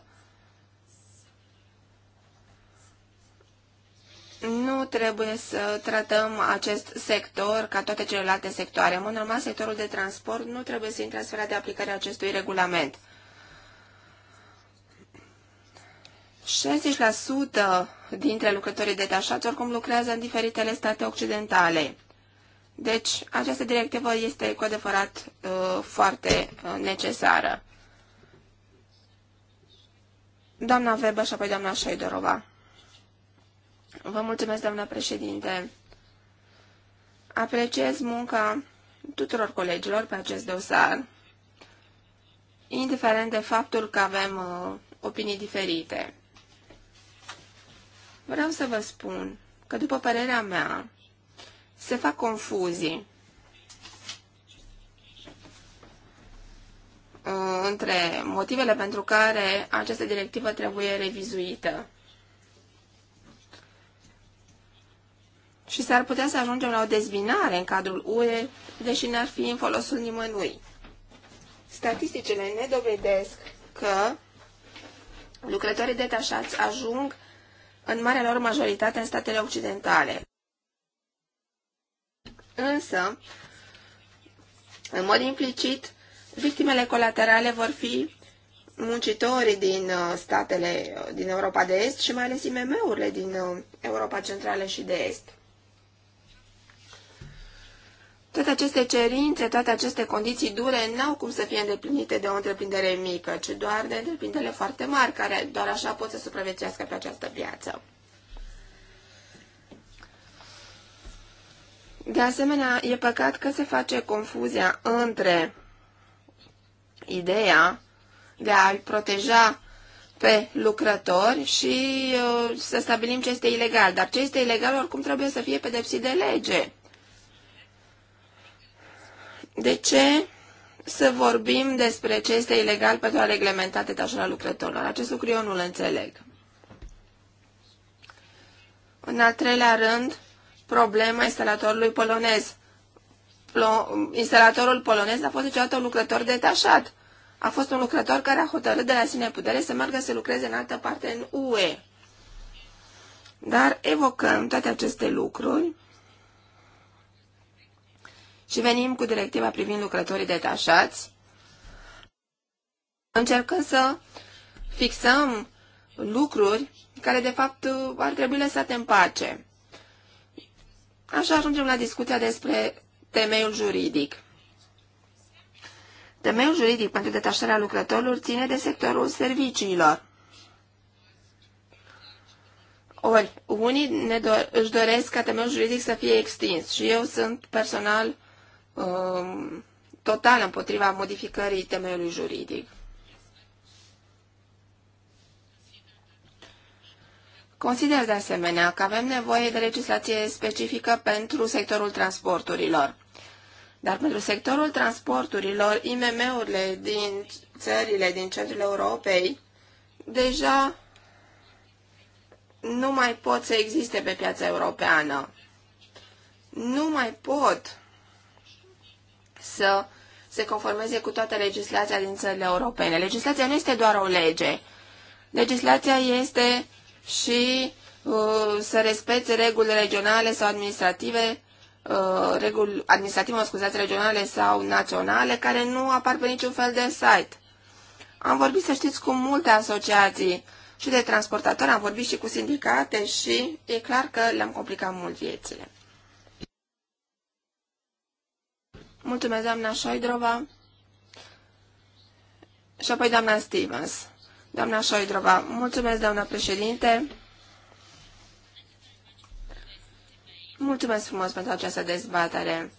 nu trebuie să tratăm acest sector ca toate celelalte sectoare. În mod normal, sectorul de transport nu trebuie să intre în sfera de aplicare a acestui regulament. 60% dintre lucrătorii detașați oricum lucrează în diferitele state occidentale. Deci, această directivă este cu adevărat uh, foarte uh, necesară. Doamna Weber și apoi doamna Șoidorova. Vă mulțumesc, doamna președinte. Apreciez munca tuturor colegilor pe acest dosar, indiferent de faptul că avem uh, opinii diferite. Vreau să vă spun că, după părerea mea, se fac confuzii uh, între motivele pentru care această directivă trebuie revizuită. și s-ar putea să ajungem la o dezbinare în cadrul UE, deși n-ar fi în folosul nimănui. Statisticile ne dovedesc că lucrătorii detașați ajung în marea lor majoritate în statele occidentale. Însă, în mod implicit, victimele colaterale vor fi muncitorii din uh, statele uh, din Europa de Est și mai ales IMM-urile din uh, Europa Centrală și de Est. Toate aceste cerințe, toate aceste condiții dure n-au cum să fie îndeplinite de o întreprindere mică, ci doar de întreprinderile foarte mari, care doar așa pot să supraviețuiască pe această piață. De asemenea, e păcat că se face confuzia între ideea de a-i proteja pe lucrători și uh, să stabilim ce este ilegal. Dar ce este ilegal oricum trebuie să fie pedepsit de lege. De ce să vorbim despre ce este ilegal pentru a reglementa detașarea lucrătorilor? Acest lucru eu nu îl înțeleg. În al treilea rând, problema instalatorului polonez. Instalatorul polonez a fost niciodată un lucrător detașat. A fost un lucrător care a hotărât de la sine putere să meargă să lucreze în altă parte în UE. Dar evocăm toate aceste lucruri și venim cu directiva privind lucrătorii detașați, încercând să fixăm lucruri care, de fapt, ar trebui lăsate în pace. Așa ajungem la discuția despre temeiul juridic. Temeiul juridic pentru detașarea lucrătorilor ține de sectorul serviciilor. Ori, unii ne do- își doresc ca temeiul juridic să fie extins și eu sunt personal Um, total împotriva modificării temeiului juridic. Consider de asemenea că avem nevoie de legislație specifică pentru sectorul transporturilor. Dar pentru sectorul transporturilor, IMM-urile din țările din centrul Europei deja nu mai pot să existe pe piața europeană. Nu mai pot să se conformeze cu toată legislația din țările europene. Legislația nu este doar o lege. Legislația este și uh, să respecte reguli regionale sau administrative, uh, reguli administrative, mă scuzați, regionale sau naționale, care nu apar pe niciun fel de site. Am vorbit, să știți, cu multe asociații și de transportatori, am vorbit și cu sindicate și e clar că le-am complicat mult viețile. Mulțumesc, doamna Șoidrova. Și apoi doamna Stevens. Doamna Șoidrova, mulțumesc, doamna președinte. Mulțumesc frumos pentru această dezbatere.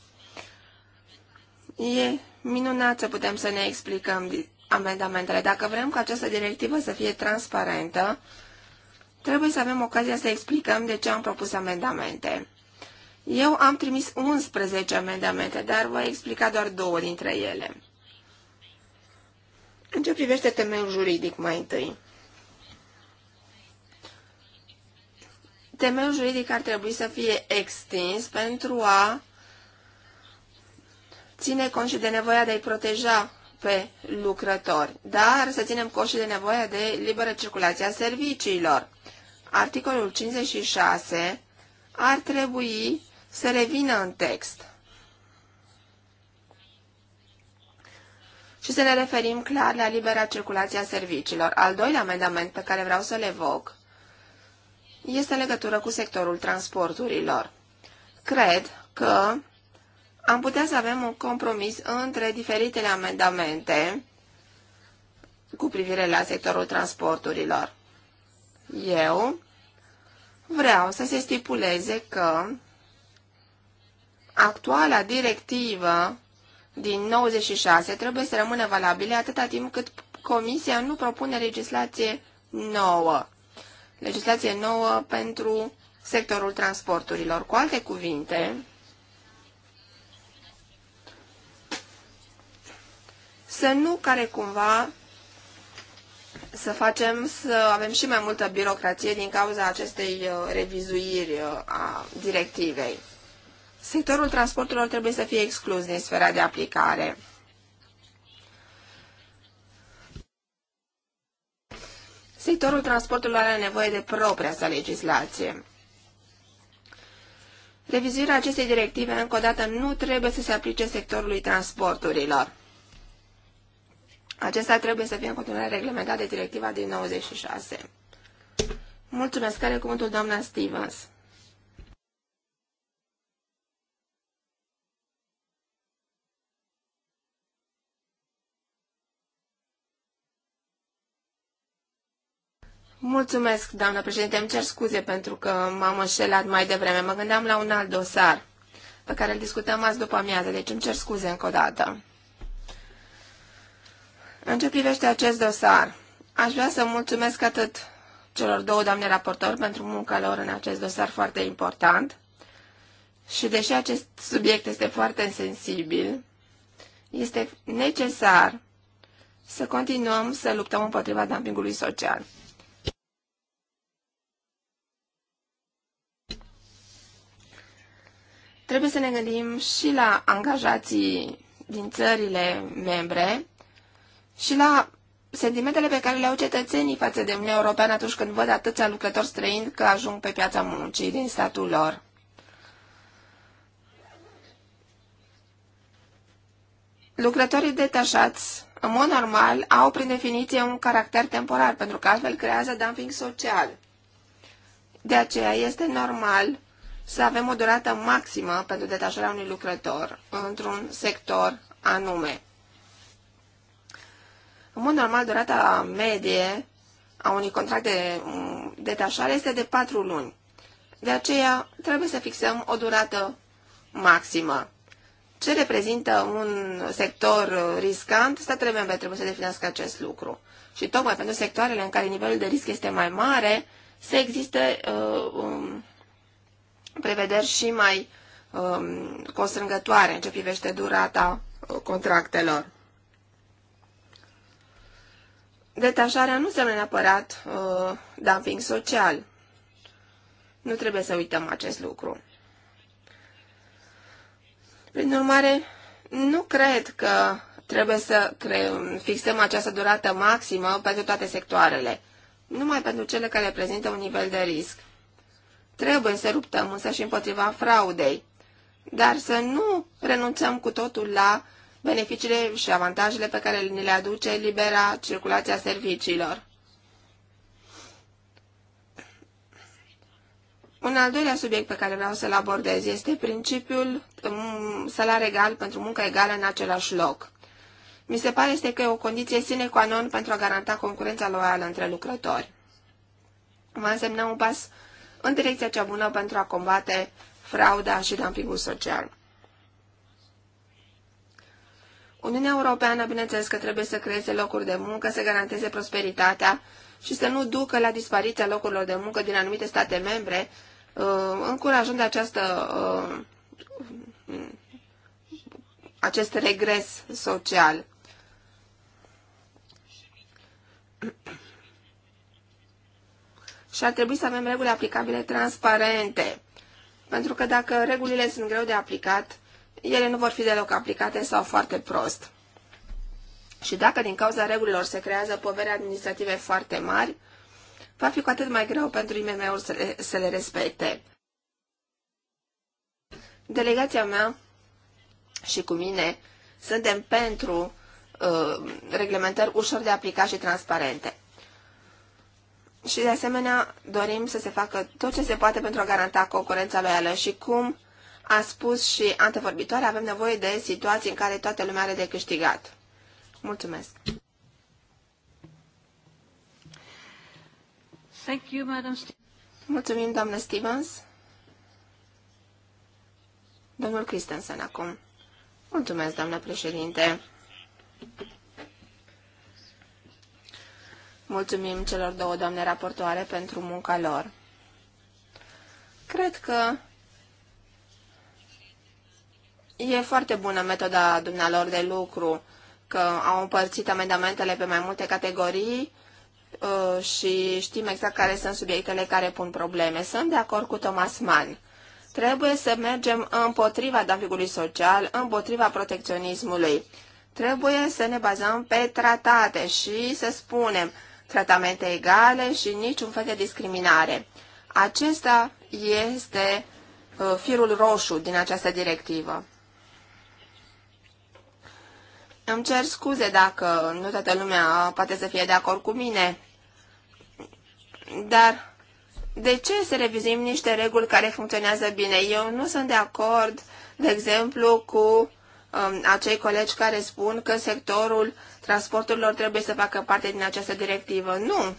E minunat să putem să ne explicăm amendamentele. Dacă vrem ca această directivă să fie transparentă, trebuie să avem ocazia să explicăm de ce am propus amendamente. Eu am trimis 11 amendamente, dar voi explica doar două dintre ele. În ce privește temeiul juridic mai întâi? Temeiul juridic ar trebui să fie extins pentru a ține cont și de nevoia de a-i proteja pe lucrători, dar să ținem cont și de nevoia de liberă circulație a serviciilor. Articolul 56 ar trebui să revină în text și să ne referim clar la libera circulație a serviciilor. Al doilea amendament pe care vreau să-l evoc este în legătură cu sectorul transporturilor. Cred că am putea să avem un compromis între diferitele amendamente cu privire la sectorul transporturilor. Eu vreau să se stipuleze că actuala directivă din 96 trebuie să rămână valabile atâta timp cât Comisia nu propune legislație nouă. Legislație nouă pentru sectorul transporturilor. Cu alte cuvinte, să nu care cumva să facem să avem și mai multă birocrație din cauza acestei uh, revizuiri uh, a directivei. Sectorul transporturilor trebuie să fie exclus din sfera de aplicare. Sectorul transportului are nevoie de propria sa legislație. Revizuirea acestei directive, încă o dată, nu trebuie să se aplice sectorului transporturilor. Acesta trebuie să fie în continuare reglementat de directiva din 96. Mulțumesc, care cuvântul doamna Stevens. Mulțumesc, doamnă președinte. Îmi cer scuze pentru că m-am înșelat mai devreme. Mă gândeam la un alt dosar pe care îl discutăm azi după amiază, deci îmi cer scuze încă o dată. În ce privește acest dosar, aș vrea să mulțumesc atât celor două doamne raportori pentru munca lor în acest dosar foarte important. Și deși acest subiect este foarte sensibil, este necesar să continuăm să luptăm împotriva dumpingului social. Trebuie să ne gândim și la angajații din țările membre și la sentimentele pe care le au cetățenii față de Uniunea Europeană atunci când văd atâția lucrători străini că ajung pe piața muncii din statul lor. Lucrătorii detașați, în mod normal, au prin definiție un caracter temporar, pentru că altfel creează dumping social. De aceea este normal să avem o durată maximă pentru detașarea unui lucrător într-un sector anume. În mod normal, durata medie a unui contract de mm, detașare este de 4 luni. De aceea, trebuie să fixăm o durată maximă. Ce reprezintă un sector riscant, statele membre trebuie să definească acest lucru. Și tocmai pentru sectoarele în care nivelul de risc este mai mare, să existe uh, um, prevederi și mai um, constrângătoare în ce privește durata uh, contractelor. Detașarea nu înseamnă neapărat uh, dumping social. Nu trebuie să uităm acest lucru. Prin urmare, nu cred că trebuie să fixăm această durată maximă pentru toate sectoarele, numai pentru cele care prezintă un nivel de risc. Trebuie să luptăm însă și împotriva fraudei, dar să nu renunțăm cu totul la beneficiile și avantajele pe care ne le aduce libera circulația serviciilor. Un al doilea subiect pe care vreau să-l abordez este principiul um, salar egal pentru muncă egală în același loc. Mi se pare este că e o condiție sine qua non pentru a garanta concurența loială între lucrători. Va însemna un pas în direcția cea bună pentru a combate frauda și dumpingul social. Uniunea Europeană, bineînțeles că trebuie să creeze locuri de muncă, să garanteze prosperitatea și să nu ducă la dispariția locurilor de muncă din anumite state membre, uh, încurajând această, uh, acest regres social și ar trebui să avem reguli aplicabile transparente. Pentru că dacă regulile sunt greu de aplicat, ele nu vor fi deloc aplicate sau foarte prost. Și dacă din cauza regulilor se creează povere administrative foarte mari, va fi cu atât mai greu pentru IMM-uri să, le, să le respecte. Delegația mea și cu mine suntem pentru uh, reglementări ușor de aplicat și transparente. Și de asemenea dorim să se facă tot ce se poate pentru a garanta concurența loială și cum a spus și antevorbitoare, avem nevoie de situații în care toată lumea are de câștigat. Mulțumesc! Thank you, Madam Mulțumim, doamnă Stevens. Domnul Christensen acum. Mulțumesc, doamnă președinte. Mulțumim celor două doamne raportoare pentru munca lor. Cred că e foarte bună metoda dumnealor de lucru, că au împărțit amendamentele pe mai multe categorii uh, și știm exact care sunt subiectele care pun probleme. Sunt de acord cu Thomas Mann. Trebuie să mergem împotriva dumpingului social, împotriva protecționismului trebuie să ne bazăm pe tratate și să spunem tratamente egale și niciun fel de discriminare. Acesta este uh, firul roșu din această directivă. Îmi cer scuze dacă nu toată lumea poate să fie de acord cu mine, dar de ce să revizuim niște reguli care funcționează bine? Eu nu sunt de acord, de exemplu, cu um, acei colegi care spun că sectorul transporturilor trebuie să facă parte din această directivă. Nu!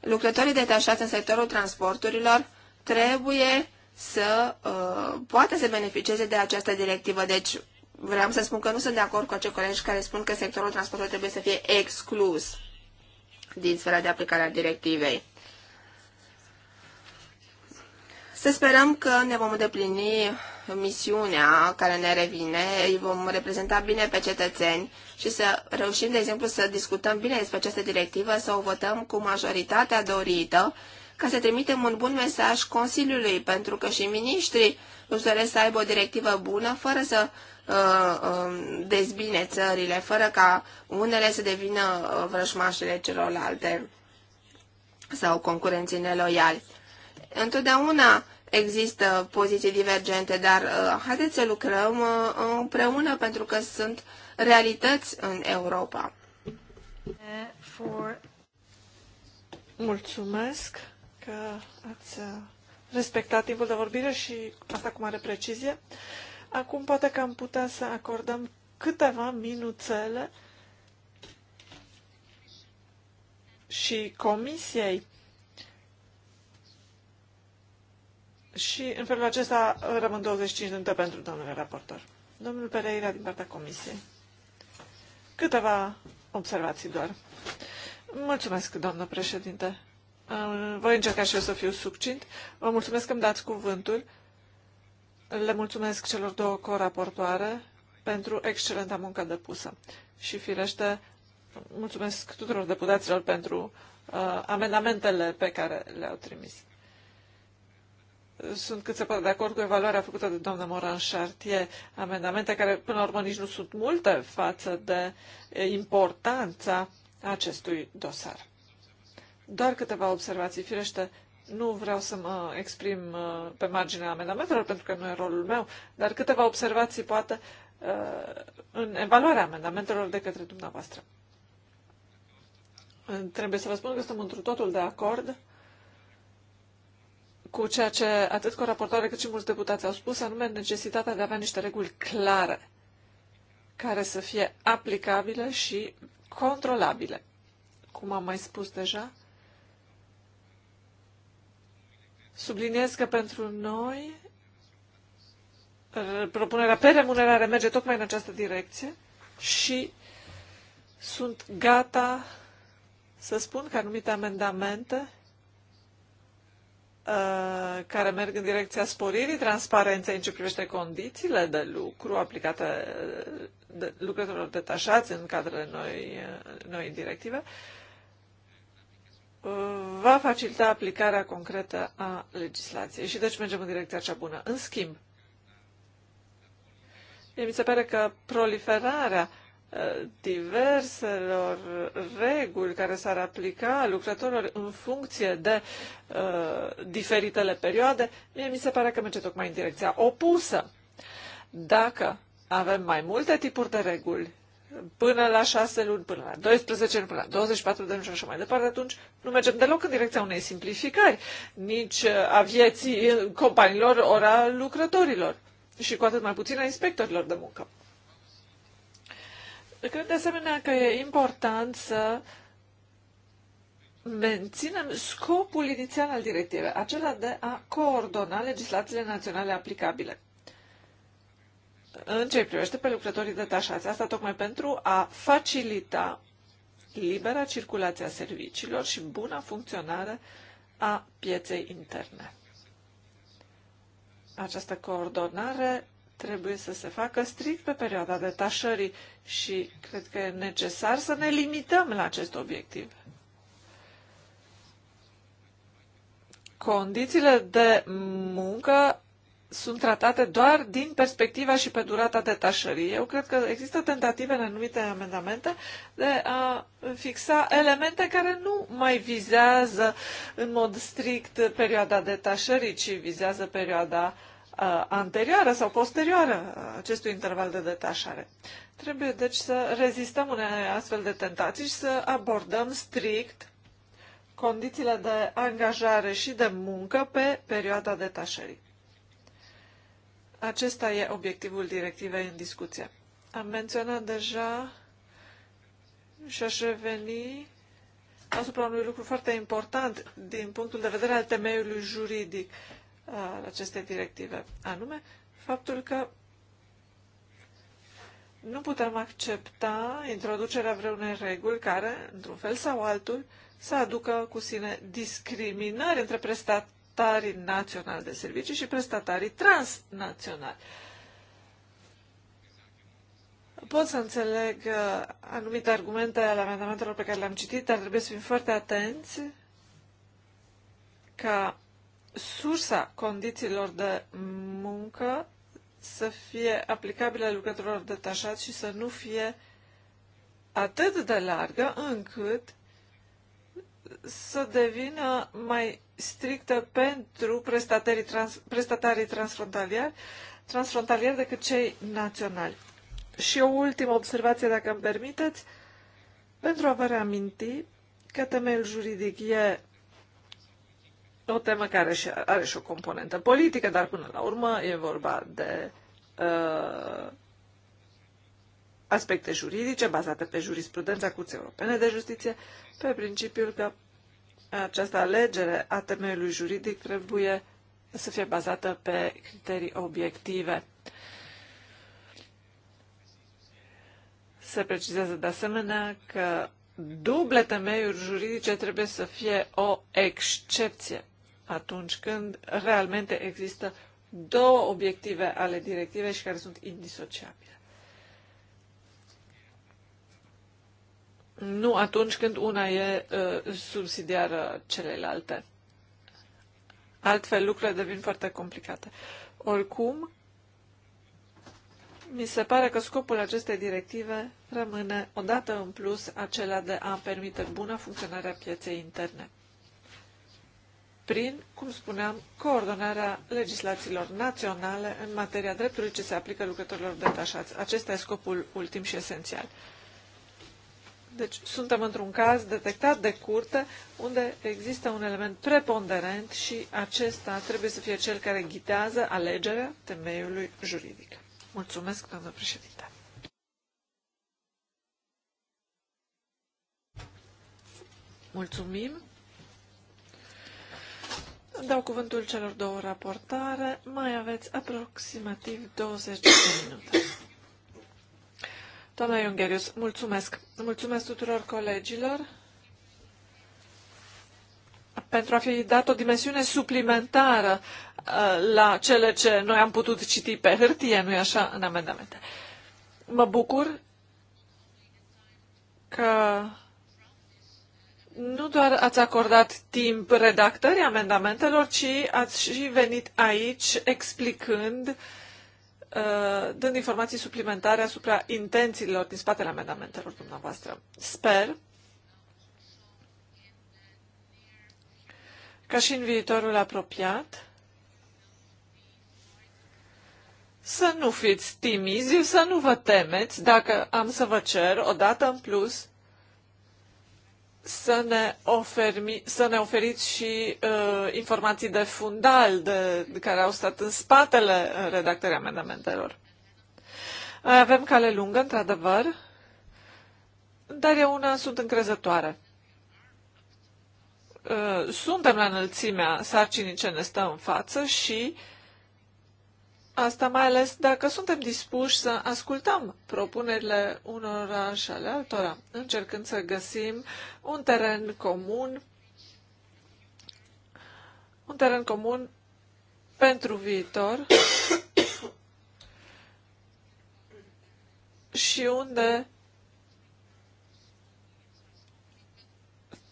Lucrătorii detașați în sectorul transporturilor trebuie să uh, poată să beneficieze de această directivă. Deci, vreau să spun că nu sunt de acord cu acei colegi care spun că sectorul transportului trebuie să fie exclus din sfera de aplicare a directivei. Să sperăm că ne vom îndeplini misiunea care ne revine, îi vom reprezenta bine pe cetățeni și să reușim, de exemplu, să discutăm bine despre această directivă, să o votăm cu majoritatea dorită, ca să trimitem un bun mesaj Consiliului, pentru că și miniștrii își doresc să aibă o directivă bună, fără să uh, uh, dezbine țările, fără ca unele să devină uh, vrășmașele celorlalte sau concurenții neloiali. Întotdeauna există poziții divergente, dar uh, haideți să lucrăm uh, împreună pentru că sunt realități în Europa. For... Mulțumesc că ați uh, respectat timpul de vorbire și asta cu mare precizie. Acum poate că am putea să acordăm câteva minuțele și comisiei Și în felul acesta rămân 25 de minute pentru domnule raportor. Domnul Pereira din partea comisiei. Câteva observații doar. Mulțumesc, doamnă președinte. Voi încerca și eu să fiu subcint. Vă mulțumesc că îmi dați cuvântul. Le mulțumesc celor două coraportoare pentru excelenta muncă depusă. Și firește, mulțumesc tuturor deputaților pentru uh, amendamentele pe care le-au trimis sunt cât se poate de acord cu evaluarea făcută de doamna Moran Chartier, amendamente care până la urmă nici nu sunt multe față de importanța acestui dosar. Doar câteva observații. Firește, nu vreau să mă exprim uh, pe marginea amendamentelor, pentru că nu e rolul meu, dar câteva observații poate uh, în evaluarea amendamentelor de către dumneavoastră. Trebuie să vă spun că suntem într totul de acord cu ceea ce atât cu raportoare cât și mulți deputați au spus, anume necesitatea de a avea niște reguli clare care să fie aplicabile și controlabile. Cum am mai spus deja, subliniez că pentru noi propunerea pe remunerare merge tocmai în această direcție și sunt gata să spun că anumite amendamente Uh, care merg în direcția sporirii transparenței în ce privește condițiile de lucru aplicate uh, de lucrătorilor detașați în cadrele noi, uh, noi directive, va facilita aplicarea concretă a legislației și deci mergem în direcția cea bună. În schimb, mi se pare că proliferarea uh, diverselor reguli care s-ar aplica lucrătorilor în funcție de uh, diferitele perioade, mie mi se pare că merge tocmai în direcția opusă. Dacă avem mai multe tipuri de reguli, până la 6 luni, până la 12 luni, până la 24 de luni și așa mai departe, atunci nu mergem deloc în direcția unei simplificări, nici uh, a vieții companiilor, ora lucrătorilor și cu atât mai puțin a inspectorilor de muncă. Cred de asemenea că e important să menținem scopul inițial al directivei, acela de a coordona legislațiile naționale aplicabile. În ce privește pe lucrătorii detașați, asta tocmai pentru a facilita libera circulație a serviciilor și buna funcționare a pieței interne. Această coordonare trebuie să se facă strict pe perioada detașării și cred că e necesar să ne limităm la acest obiectiv. Condițiile de muncă sunt tratate doar din perspectiva și pe durata detașării. Eu cred că există tentative în anumite amendamente de a fixa elemente care nu mai vizează în mod strict perioada detașării, ci vizează perioada uh, anterioară sau posterioară acestui interval de detașare. Trebuie deci să rezistăm unei astfel de tentații și să abordăm strict condițiile de angajare și de muncă pe perioada detașării. Acesta e obiectivul directivei în discuție. Am menționat deja și aș reveni asupra unui lucru foarte important din punctul de vedere al temeiului juridic al acestei directive, anume faptul că nu putem accepta introducerea vreunei reguli care, într-un fel sau altul, să aducă cu sine discriminări între prestatarii naționali de servicii și prestatarii transnaționali. Pot să înțeleg uh, anumite argumente ale amendamentelor pe care le-am citit, dar trebuie să fim foarte atenți ca sursa condițiilor de muncă să fie aplicabilă lucrătorilor detașați și să nu fie atât de largă încât să devină mai strictă pentru prestatarii, trans, prestatarii transfrontalieri, transfrontalieri decât cei naționali. Și o ultimă observație, dacă îmi permiteți, pentru a vă reaminti că temeiul juridic e o temă care și are și o componentă politică, dar până la urmă e vorba de uh, aspecte juridice bazate pe jurisprudența Curții Europene de Justiție, pe principiul că această alegere a temeiului juridic trebuie să fie bazată pe criterii obiective. Se precizează de asemenea că duble temeiuri juridice trebuie să fie o excepție atunci când realmente există două obiective ale directivei și care sunt indisociabile. Nu atunci când una e uh, subsidiară celelalte. Altfel, lucrurile devin foarte complicate. Oricum, mi se pare că scopul acestei directive rămâne odată în plus acela de a permite bună funcționare a pieței interne prin, cum spuneam, coordonarea legislațiilor naționale în materia dreptului ce se aplică lucrătorilor detașați. Acesta e scopul ultim și esențial. Deci suntem într-un caz detectat de curte unde există un element preponderent și acesta trebuie să fie cel care ghidează alegerea temeiului juridic. Mulțumesc, doamnă președinte. Mulțumim. Dau cuvântul celor două raportare. Mai aveți aproximativ 20 de minute. Doamna Iungherius, mulțumesc. Mulțumesc tuturor colegilor pentru a fi dat o dimensiune suplimentară uh, la cele ce noi am putut citi pe hârtie, nu-i așa, în amendamente. Mă bucur că nu doar ați acordat timp redactării amendamentelor, ci ați și venit aici explicând, uh, dând informații suplimentare asupra intențiilor din spatele amendamentelor dumneavoastră. Sper ca și în viitorul apropiat să nu fiți timizi, să nu vă temeți dacă am să vă cer o dată în plus să ne, oferi, să ne oferiți și uh, informații de fundal de, de care au stat în spatele uh, redactării amendamentelor. Noi avem cale lungă, într-adevăr, dar eu una sunt încrezătoare. Uh, suntem la înălțimea sarcinii ce ne stă în față și uh, Asta mai ales dacă suntem dispuși să ascultăm propunerile unora și ale altora, încercând să găsim un teren comun, un teren comun pentru viitor și unde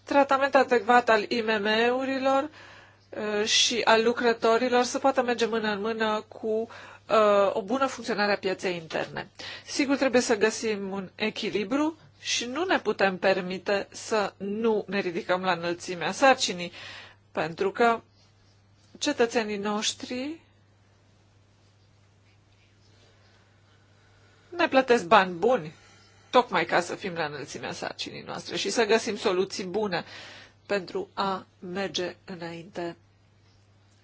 tratament adecvat al IMM-urilor Uh, și al lucrătorilor să poată merge mână în mână cu uh, o bună funcționare a pieței interne. Sigur, trebuie să găsim un echilibru și nu ne putem permite să nu ne ridicăm la înălțimea sarcinii, pentru că cetățenii noștri ne plătesc bani buni, tocmai ca să fim la înălțimea sarcinii noastre și să găsim soluții bune uh, pentru a merge înainte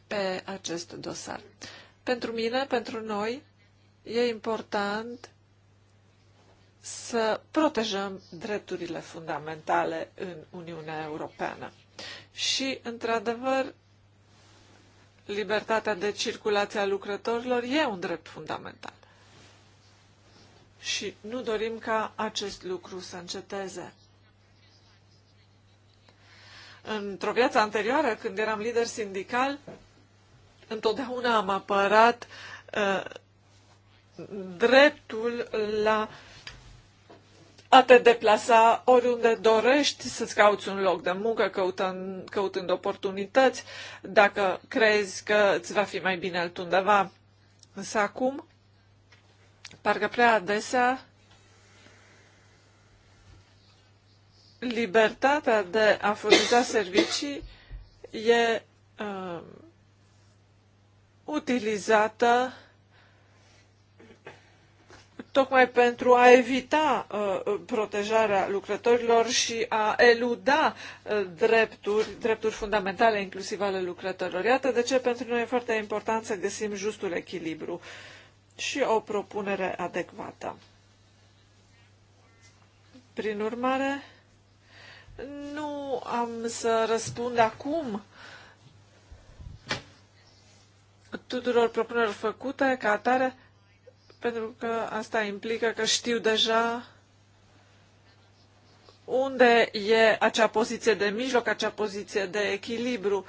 pe acest dosar. Pentru mine, pentru noi, e important să protejăm drepturile fundamentale în Uniunea Europeană. Și, într-adevăr, libertatea de circulație a lucrătorilor e un drept fundamental. Și nu dorim ca acest lucru să înceteze. Într-o viață anterioară, când eram lider sindical, întotdeauna am apărat uh, dreptul la a te deplasa oriunde dorești să-ți cauți un loc de muncă, căutând, căutând oportunități, dacă crezi că îți va fi mai bine altundeva. Însă acum, parcă prea adesea, libertatea de a furniza servicii e uh, utilizată tocmai pentru a evita uh, protejarea lucrătorilor și a eluda uh, drepturi, drepturi fundamentale, inclusiv ale lucrătorilor. Iată de ce pentru noi e foarte important să găsim justul echilibru și o propunere adecvată. Prin urmare, nu am să răspund acum tuturor propunerilor făcute ca atare, pentru că asta implică că știu deja unde e acea poziție de mijloc, acea poziție de echilibru.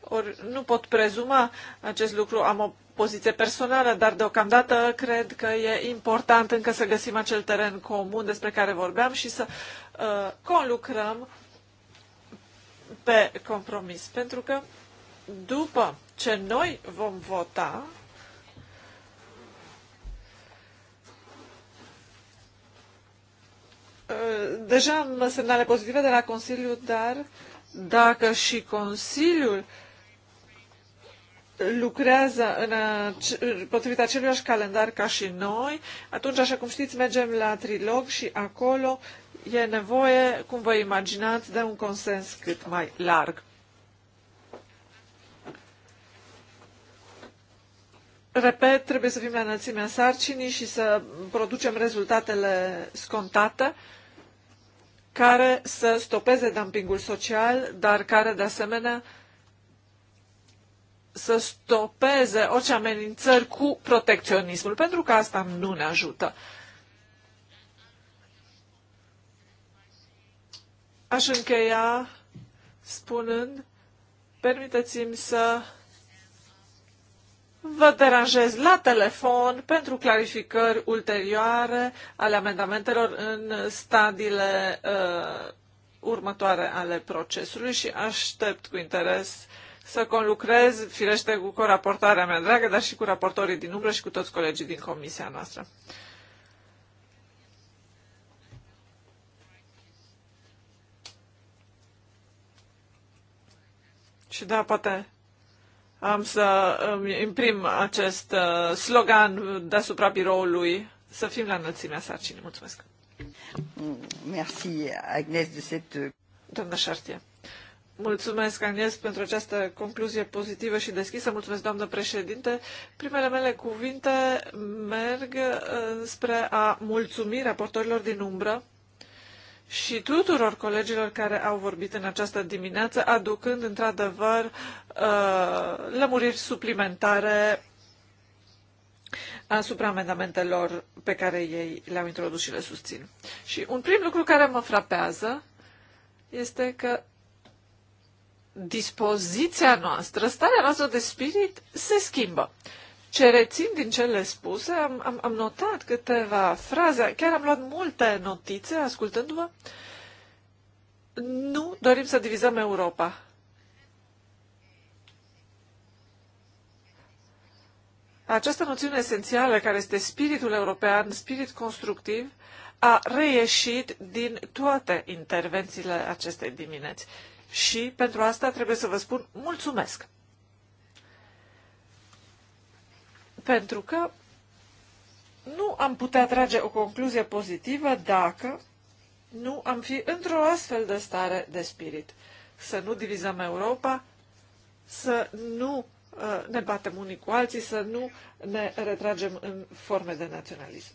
Ori nu pot prezuma acest lucru, am o poziție personală, dar deocamdată cred că e important încă să găsim acel teren comun despre care vorbeam și să uh, conlucrăm pe compromis. Pentru că după ce noi vom vota, uh, deja am semnale pozitive de la Consiliu, dar dacă și Consiliul lucrează în, potrivit aceluiași calendar ca și noi, atunci, așa cum știți, mergem la trilog și acolo e nevoie, cum vă imaginați, de un consens cât mai larg. Repet, trebuie să fim la înălțimea sarcinii și să producem rezultatele scontate care să stopeze dumpingul social, dar care, de asemenea, să stopeze orice amenințări cu protecționismul, pentru că asta nu ne ajută. Aș încheia spunând, permiteți-mi să vă deranjez la telefon pentru clarificări ulterioare ale amendamentelor în stadiile uh, următoare ale procesului și aștept cu interes uh, să conlucrez, firește, cu coraportarea mea dragă, dar și cu raportorii din umbră și cu toți colegii din comisia noastră. Și da, poate am să îmi imprim acest uh, slogan deasupra biroului, să fim la înălțimea sarcinii. Mulțumesc! Merci, Agnes, de cette... Doamna Chartier. Mulțumesc, Agnes, pentru această concluzie pozitivă și deschisă. Mulțumesc, doamnă președinte. Primele mele cuvinte merg uh, spre a mulțumi raportorilor din umbră și tuturor colegilor care au vorbit în această dimineață, aducând într-adevăr uh, lămuriri suplimentare asupra amendamentelor pe care ei le-au introdus și le susțin. Și un prim lucru care mă frapează este că dispoziția noastră, starea noastră de spirit se schimbă. Ce rețin din cele spuse, am, am, am notat câteva fraze, chiar am luat multe notițe ascultându-vă. Nu dorim să divizăm Europa. Această noțiune esențială, care este spiritul european, spirit constructiv, a reieșit din toate intervențiile acestei dimineți și pentru asta trebuie să vă spun mulțumesc. Pentru că nu am putea trage o concluzie pozitivă dacă nu am fi într-o astfel de stare de spirit. Să nu divizăm Europa, să nu uh, ne batem unii cu alții, să nu ne retragem în forme de naționalism.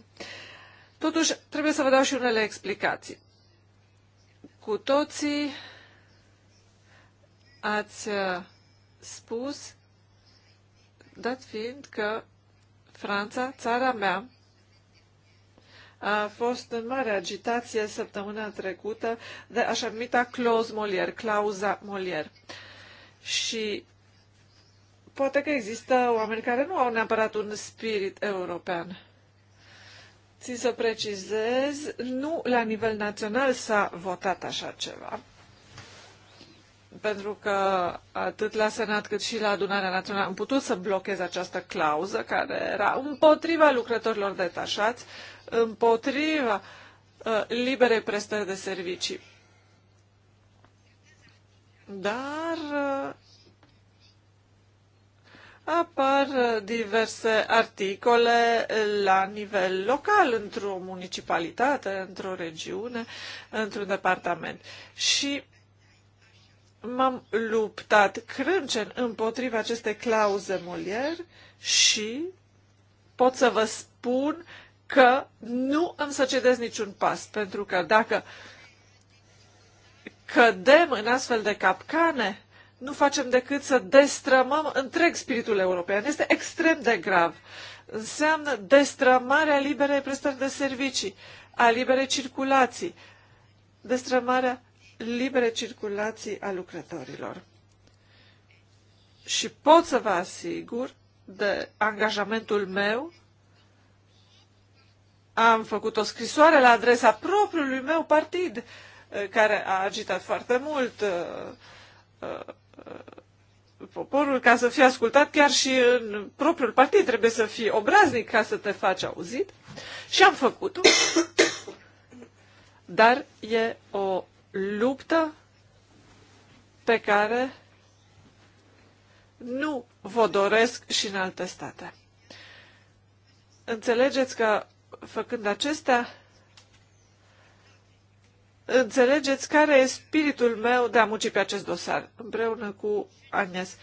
Totuși, trebuie să vă dau și unele explicații. Cu toții ați uh, spus, dat fiind că Franța, țara mea, a fost în mare agitație săptămâna trecută de așa numita clause Molière, clauza Molière. Și poate că există oameni care nu au neapărat un spirit european. Țin să precizez, nu la nivel național s-a votat așa ceva, pentru că atât la Senat cât și la adunarea națională am putut să blochez această clauză care era împotriva lucrătorilor detașați, împotriva uh, liberei prestări de servicii. Dar uh, apar diverse articole la nivel local, într-o municipalitate, într-o regiune, într-un departament. Și m-am luptat crâncen împotriva acestei clauze Molière și pot să vă spun că nu îmi să cedez niciun pas, pentru că dacă cădem în astfel de capcane, nu facem decât să destrămăm întreg spiritul european. Este extrem de grav. Înseamnă destrămarea liberei prestări de servicii, a liberei circulații, destrămarea libere circulații a lucrătorilor. Și pot să vă asigur de angajamentul meu. Am făcut o scrisoare la adresa propriului meu partid, eh, care a agitat foarte mult eh, eh, poporul ca să fie ascultat chiar și în propriul partid. Trebuie să fii obraznic ca să te faci auzit. Și am făcut-o. Dar e o luptă pe care nu vă doresc și în alte state. Înțelegeți că făcând acestea, înțelegeți care e spiritul meu de a muci pe acest dosar, împreună cu Agnes.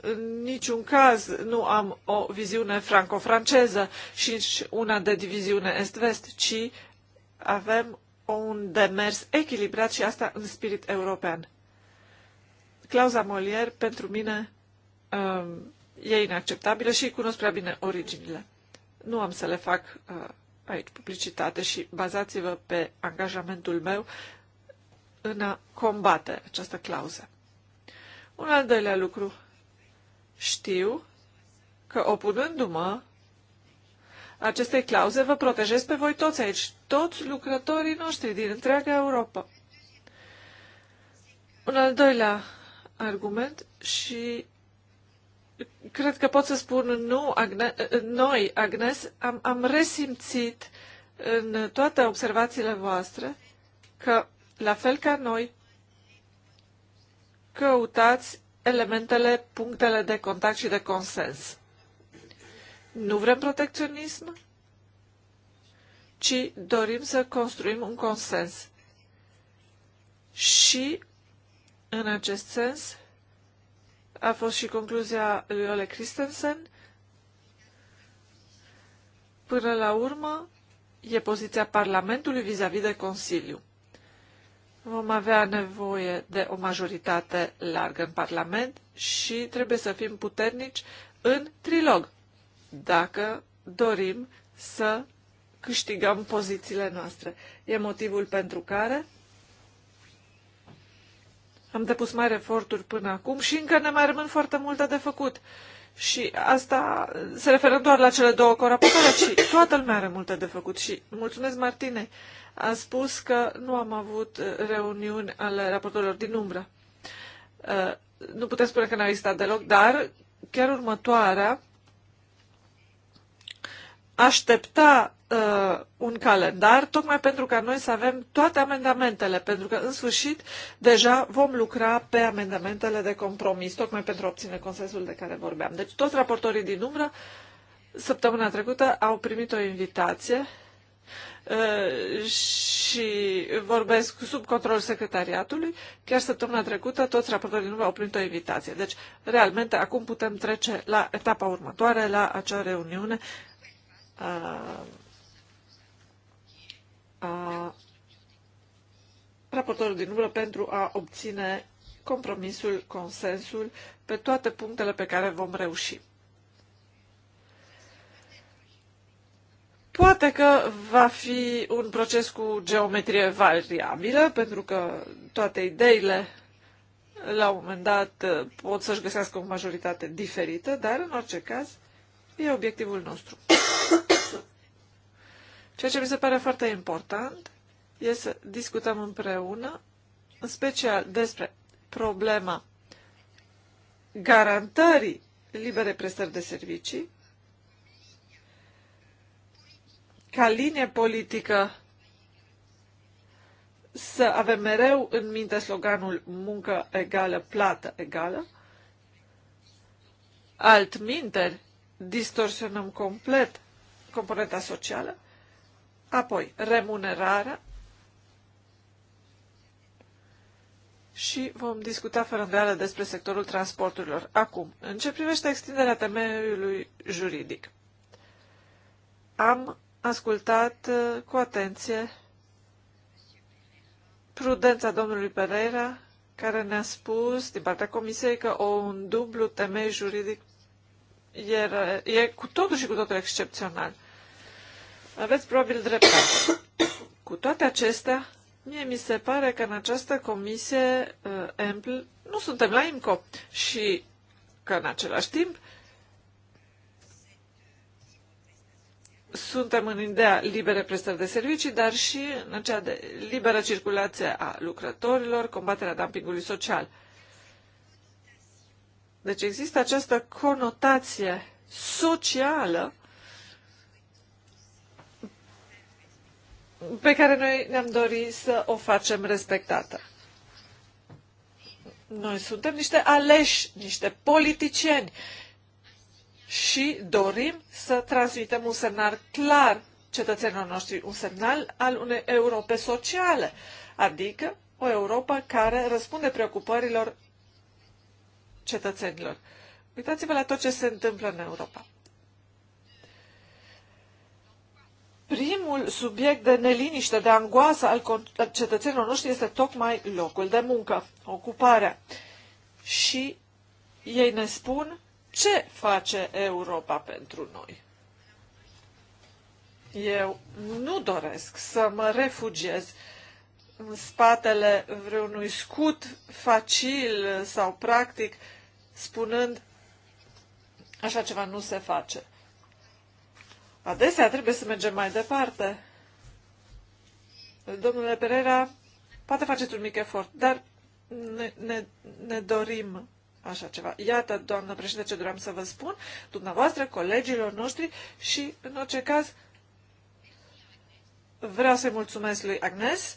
În niciun caz nu am o viziune franco-franceză și nici una de diviziune est-vest, ci avem un demers echilibrat și asta în spirit european. Clauza Molière, pentru mine, um, e inacceptabilă și cunosc prea bine originile. Nu am să le fac uh, aici publicitate și bazați-vă pe angajamentul meu în a combate această clauză. Un al doilea lucru. Știu că, opunându-mă aceste clauze vă protejez pe voi toți aici, toți lucrătorii noștri din întreaga Europa. Un al doilea argument și cred că pot să spun nu, Agne, noi, Agnes, am, am resimțit în toate observațiile voastre că, la fel ca noi, căutați elementele, punctele de contact și de consens. Nu vrem protecționism, ci dorim să construim un consens. Și, în acest sens, a fost și concluzia lui Ole Christensen. Până la urmă, e poziția Parlamentului vis-a-vis -vis de Consiliu. Vom avea nevoie de o majoritate largă în Parlament și trebuie să fim puternici în trilog dacă dorim să câștigăm pozițiile noastre. E motivul pentru care am depus mai eforturi până acum și încă ne mai rămân foarte multe de făcut. Și asta se referă doar la cele două corapătoare, ci toată lumea are multe de făcut. Și mulțumesc, Martine, a spus că nu am avut uh, reuniuni ale raportorilor din umbră. Uh, nu putem spune că n-a existat deloc, dar chiar următoarea aștepta uh, un calendar, tocmai pentru ca noi să avem toate amendamentele, pentru că, în sfârșit, deja vom lucra pe amendamentele de compromis, tocmai pentru a obține consensul de care vorbeam. Deci, toți raportorii din umbră, săptămâna trecută, au primit o invitație uh, și vorbesc sub control secretariatului. Chiar săptămâna trecută, toți raportorii din au primit o invitație. Deci, realmente, acum putem trece la etapa următoare, la acea reuniune a raportorul din umbră pentru a obține compromisul, consensul pe toate punctele pe care vom reuși. Poate că va fi un proces cu geometrie variabilă, pentru că toate ideile la un moment dat pot să-și găsească o majoritate diferită, dar în orice caz E obiectivul nostru. Ceea ce mi se pare foarte important e să discutăm împreună, în special despre problema garantării libere prestări de servicii, ca linie politică să avem mereu în minte sloganul muncă egală, plată egală. Altminteri, distorsionăm complet componenta socială, apoi remunerarea și vom discuta fără îndoială despre sectorul transporturilor. Acum, în ce privește extinderea temeiului juridic, am ascultat uh, cu atenție prudența domnului Pereira, care ne-a spus din partea Comisiei că un dublu temei juridic e, e cu totul și cu totul excepțional. Aveți probabil dreptate. Cu toate acestea, mie mi se pare că în această comisie uh, EMPL nu suntem la IMCO și că în același timp suntem în ideea libere prestări de servicii, dar și în acea de liberă circulație a lucrătorilor, combaterea dumpingului social. Deci există această conotație socială pe care noi ne-am dorit să o facem respectată. Noi suntem niște aleși, niște politicieni și dorim să transmitem un semnal clar cetățenilor noștri, un semnal al unei Europe sociale, adică o Europa care răspunde preocupărilor cetățenilor. Uitați-vă la tot ce se întâmplă în Europa. Primul subiect de neliniște, de angoasă al cetățenilor noștri este tocmai locul de muncă, ocuparea. Și ei ne spun ce face Europa pentru noi. Eu nu doresc să mă refugiez uh, în spatele vreunui scut facil sau practic, spunând așa ceva nu se face. Adesea trebuie să mergem mai departe. Domnule Pereira, poate faceți un mic efort, dar ne, ne, ne dorim așa ceva. Iată, doamnă președinte, ce doream să vă spun, dumneavoastră, colegilor noștri și, în orice caz, vreau să-i mulțumesc lui Agnes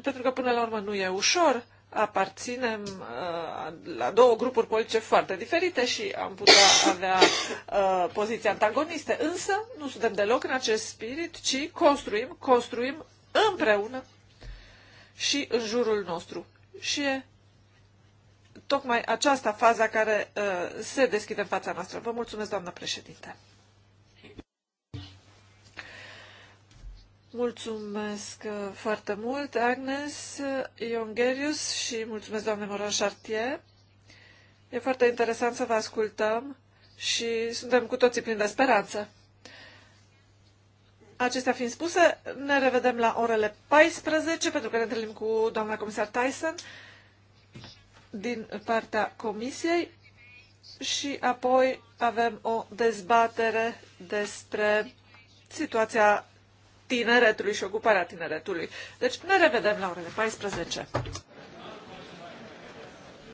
pentru că până la urmă nu e ușor, aparținem uh, la două grupuri politice foarte diferite și am putea avea uh, poziții antagoniste, însă nu suntem deloc în acest spirit, ci construim, construim împreună și în jurul nostru. Și e tocmai această faza care uh, se deschide în fața noastră. Vă mulțumesc, doamnă președinte. Mulțumesc uh, foarte mult, Agnes Iongerius, și mulțumesc, doamne Moran Chartier. E foarte interesant să vă ascultăm și suntem cu toții plini de speranță. Acestea fiind spuse, ne revedem la orele 14, pentru că ne întâlnim cu doamna comisar Tyson din partea comisiei și apoi avem o dezbatere despre situația tineretului și ocuparea tineretului. Deci ne revedem la orele 14.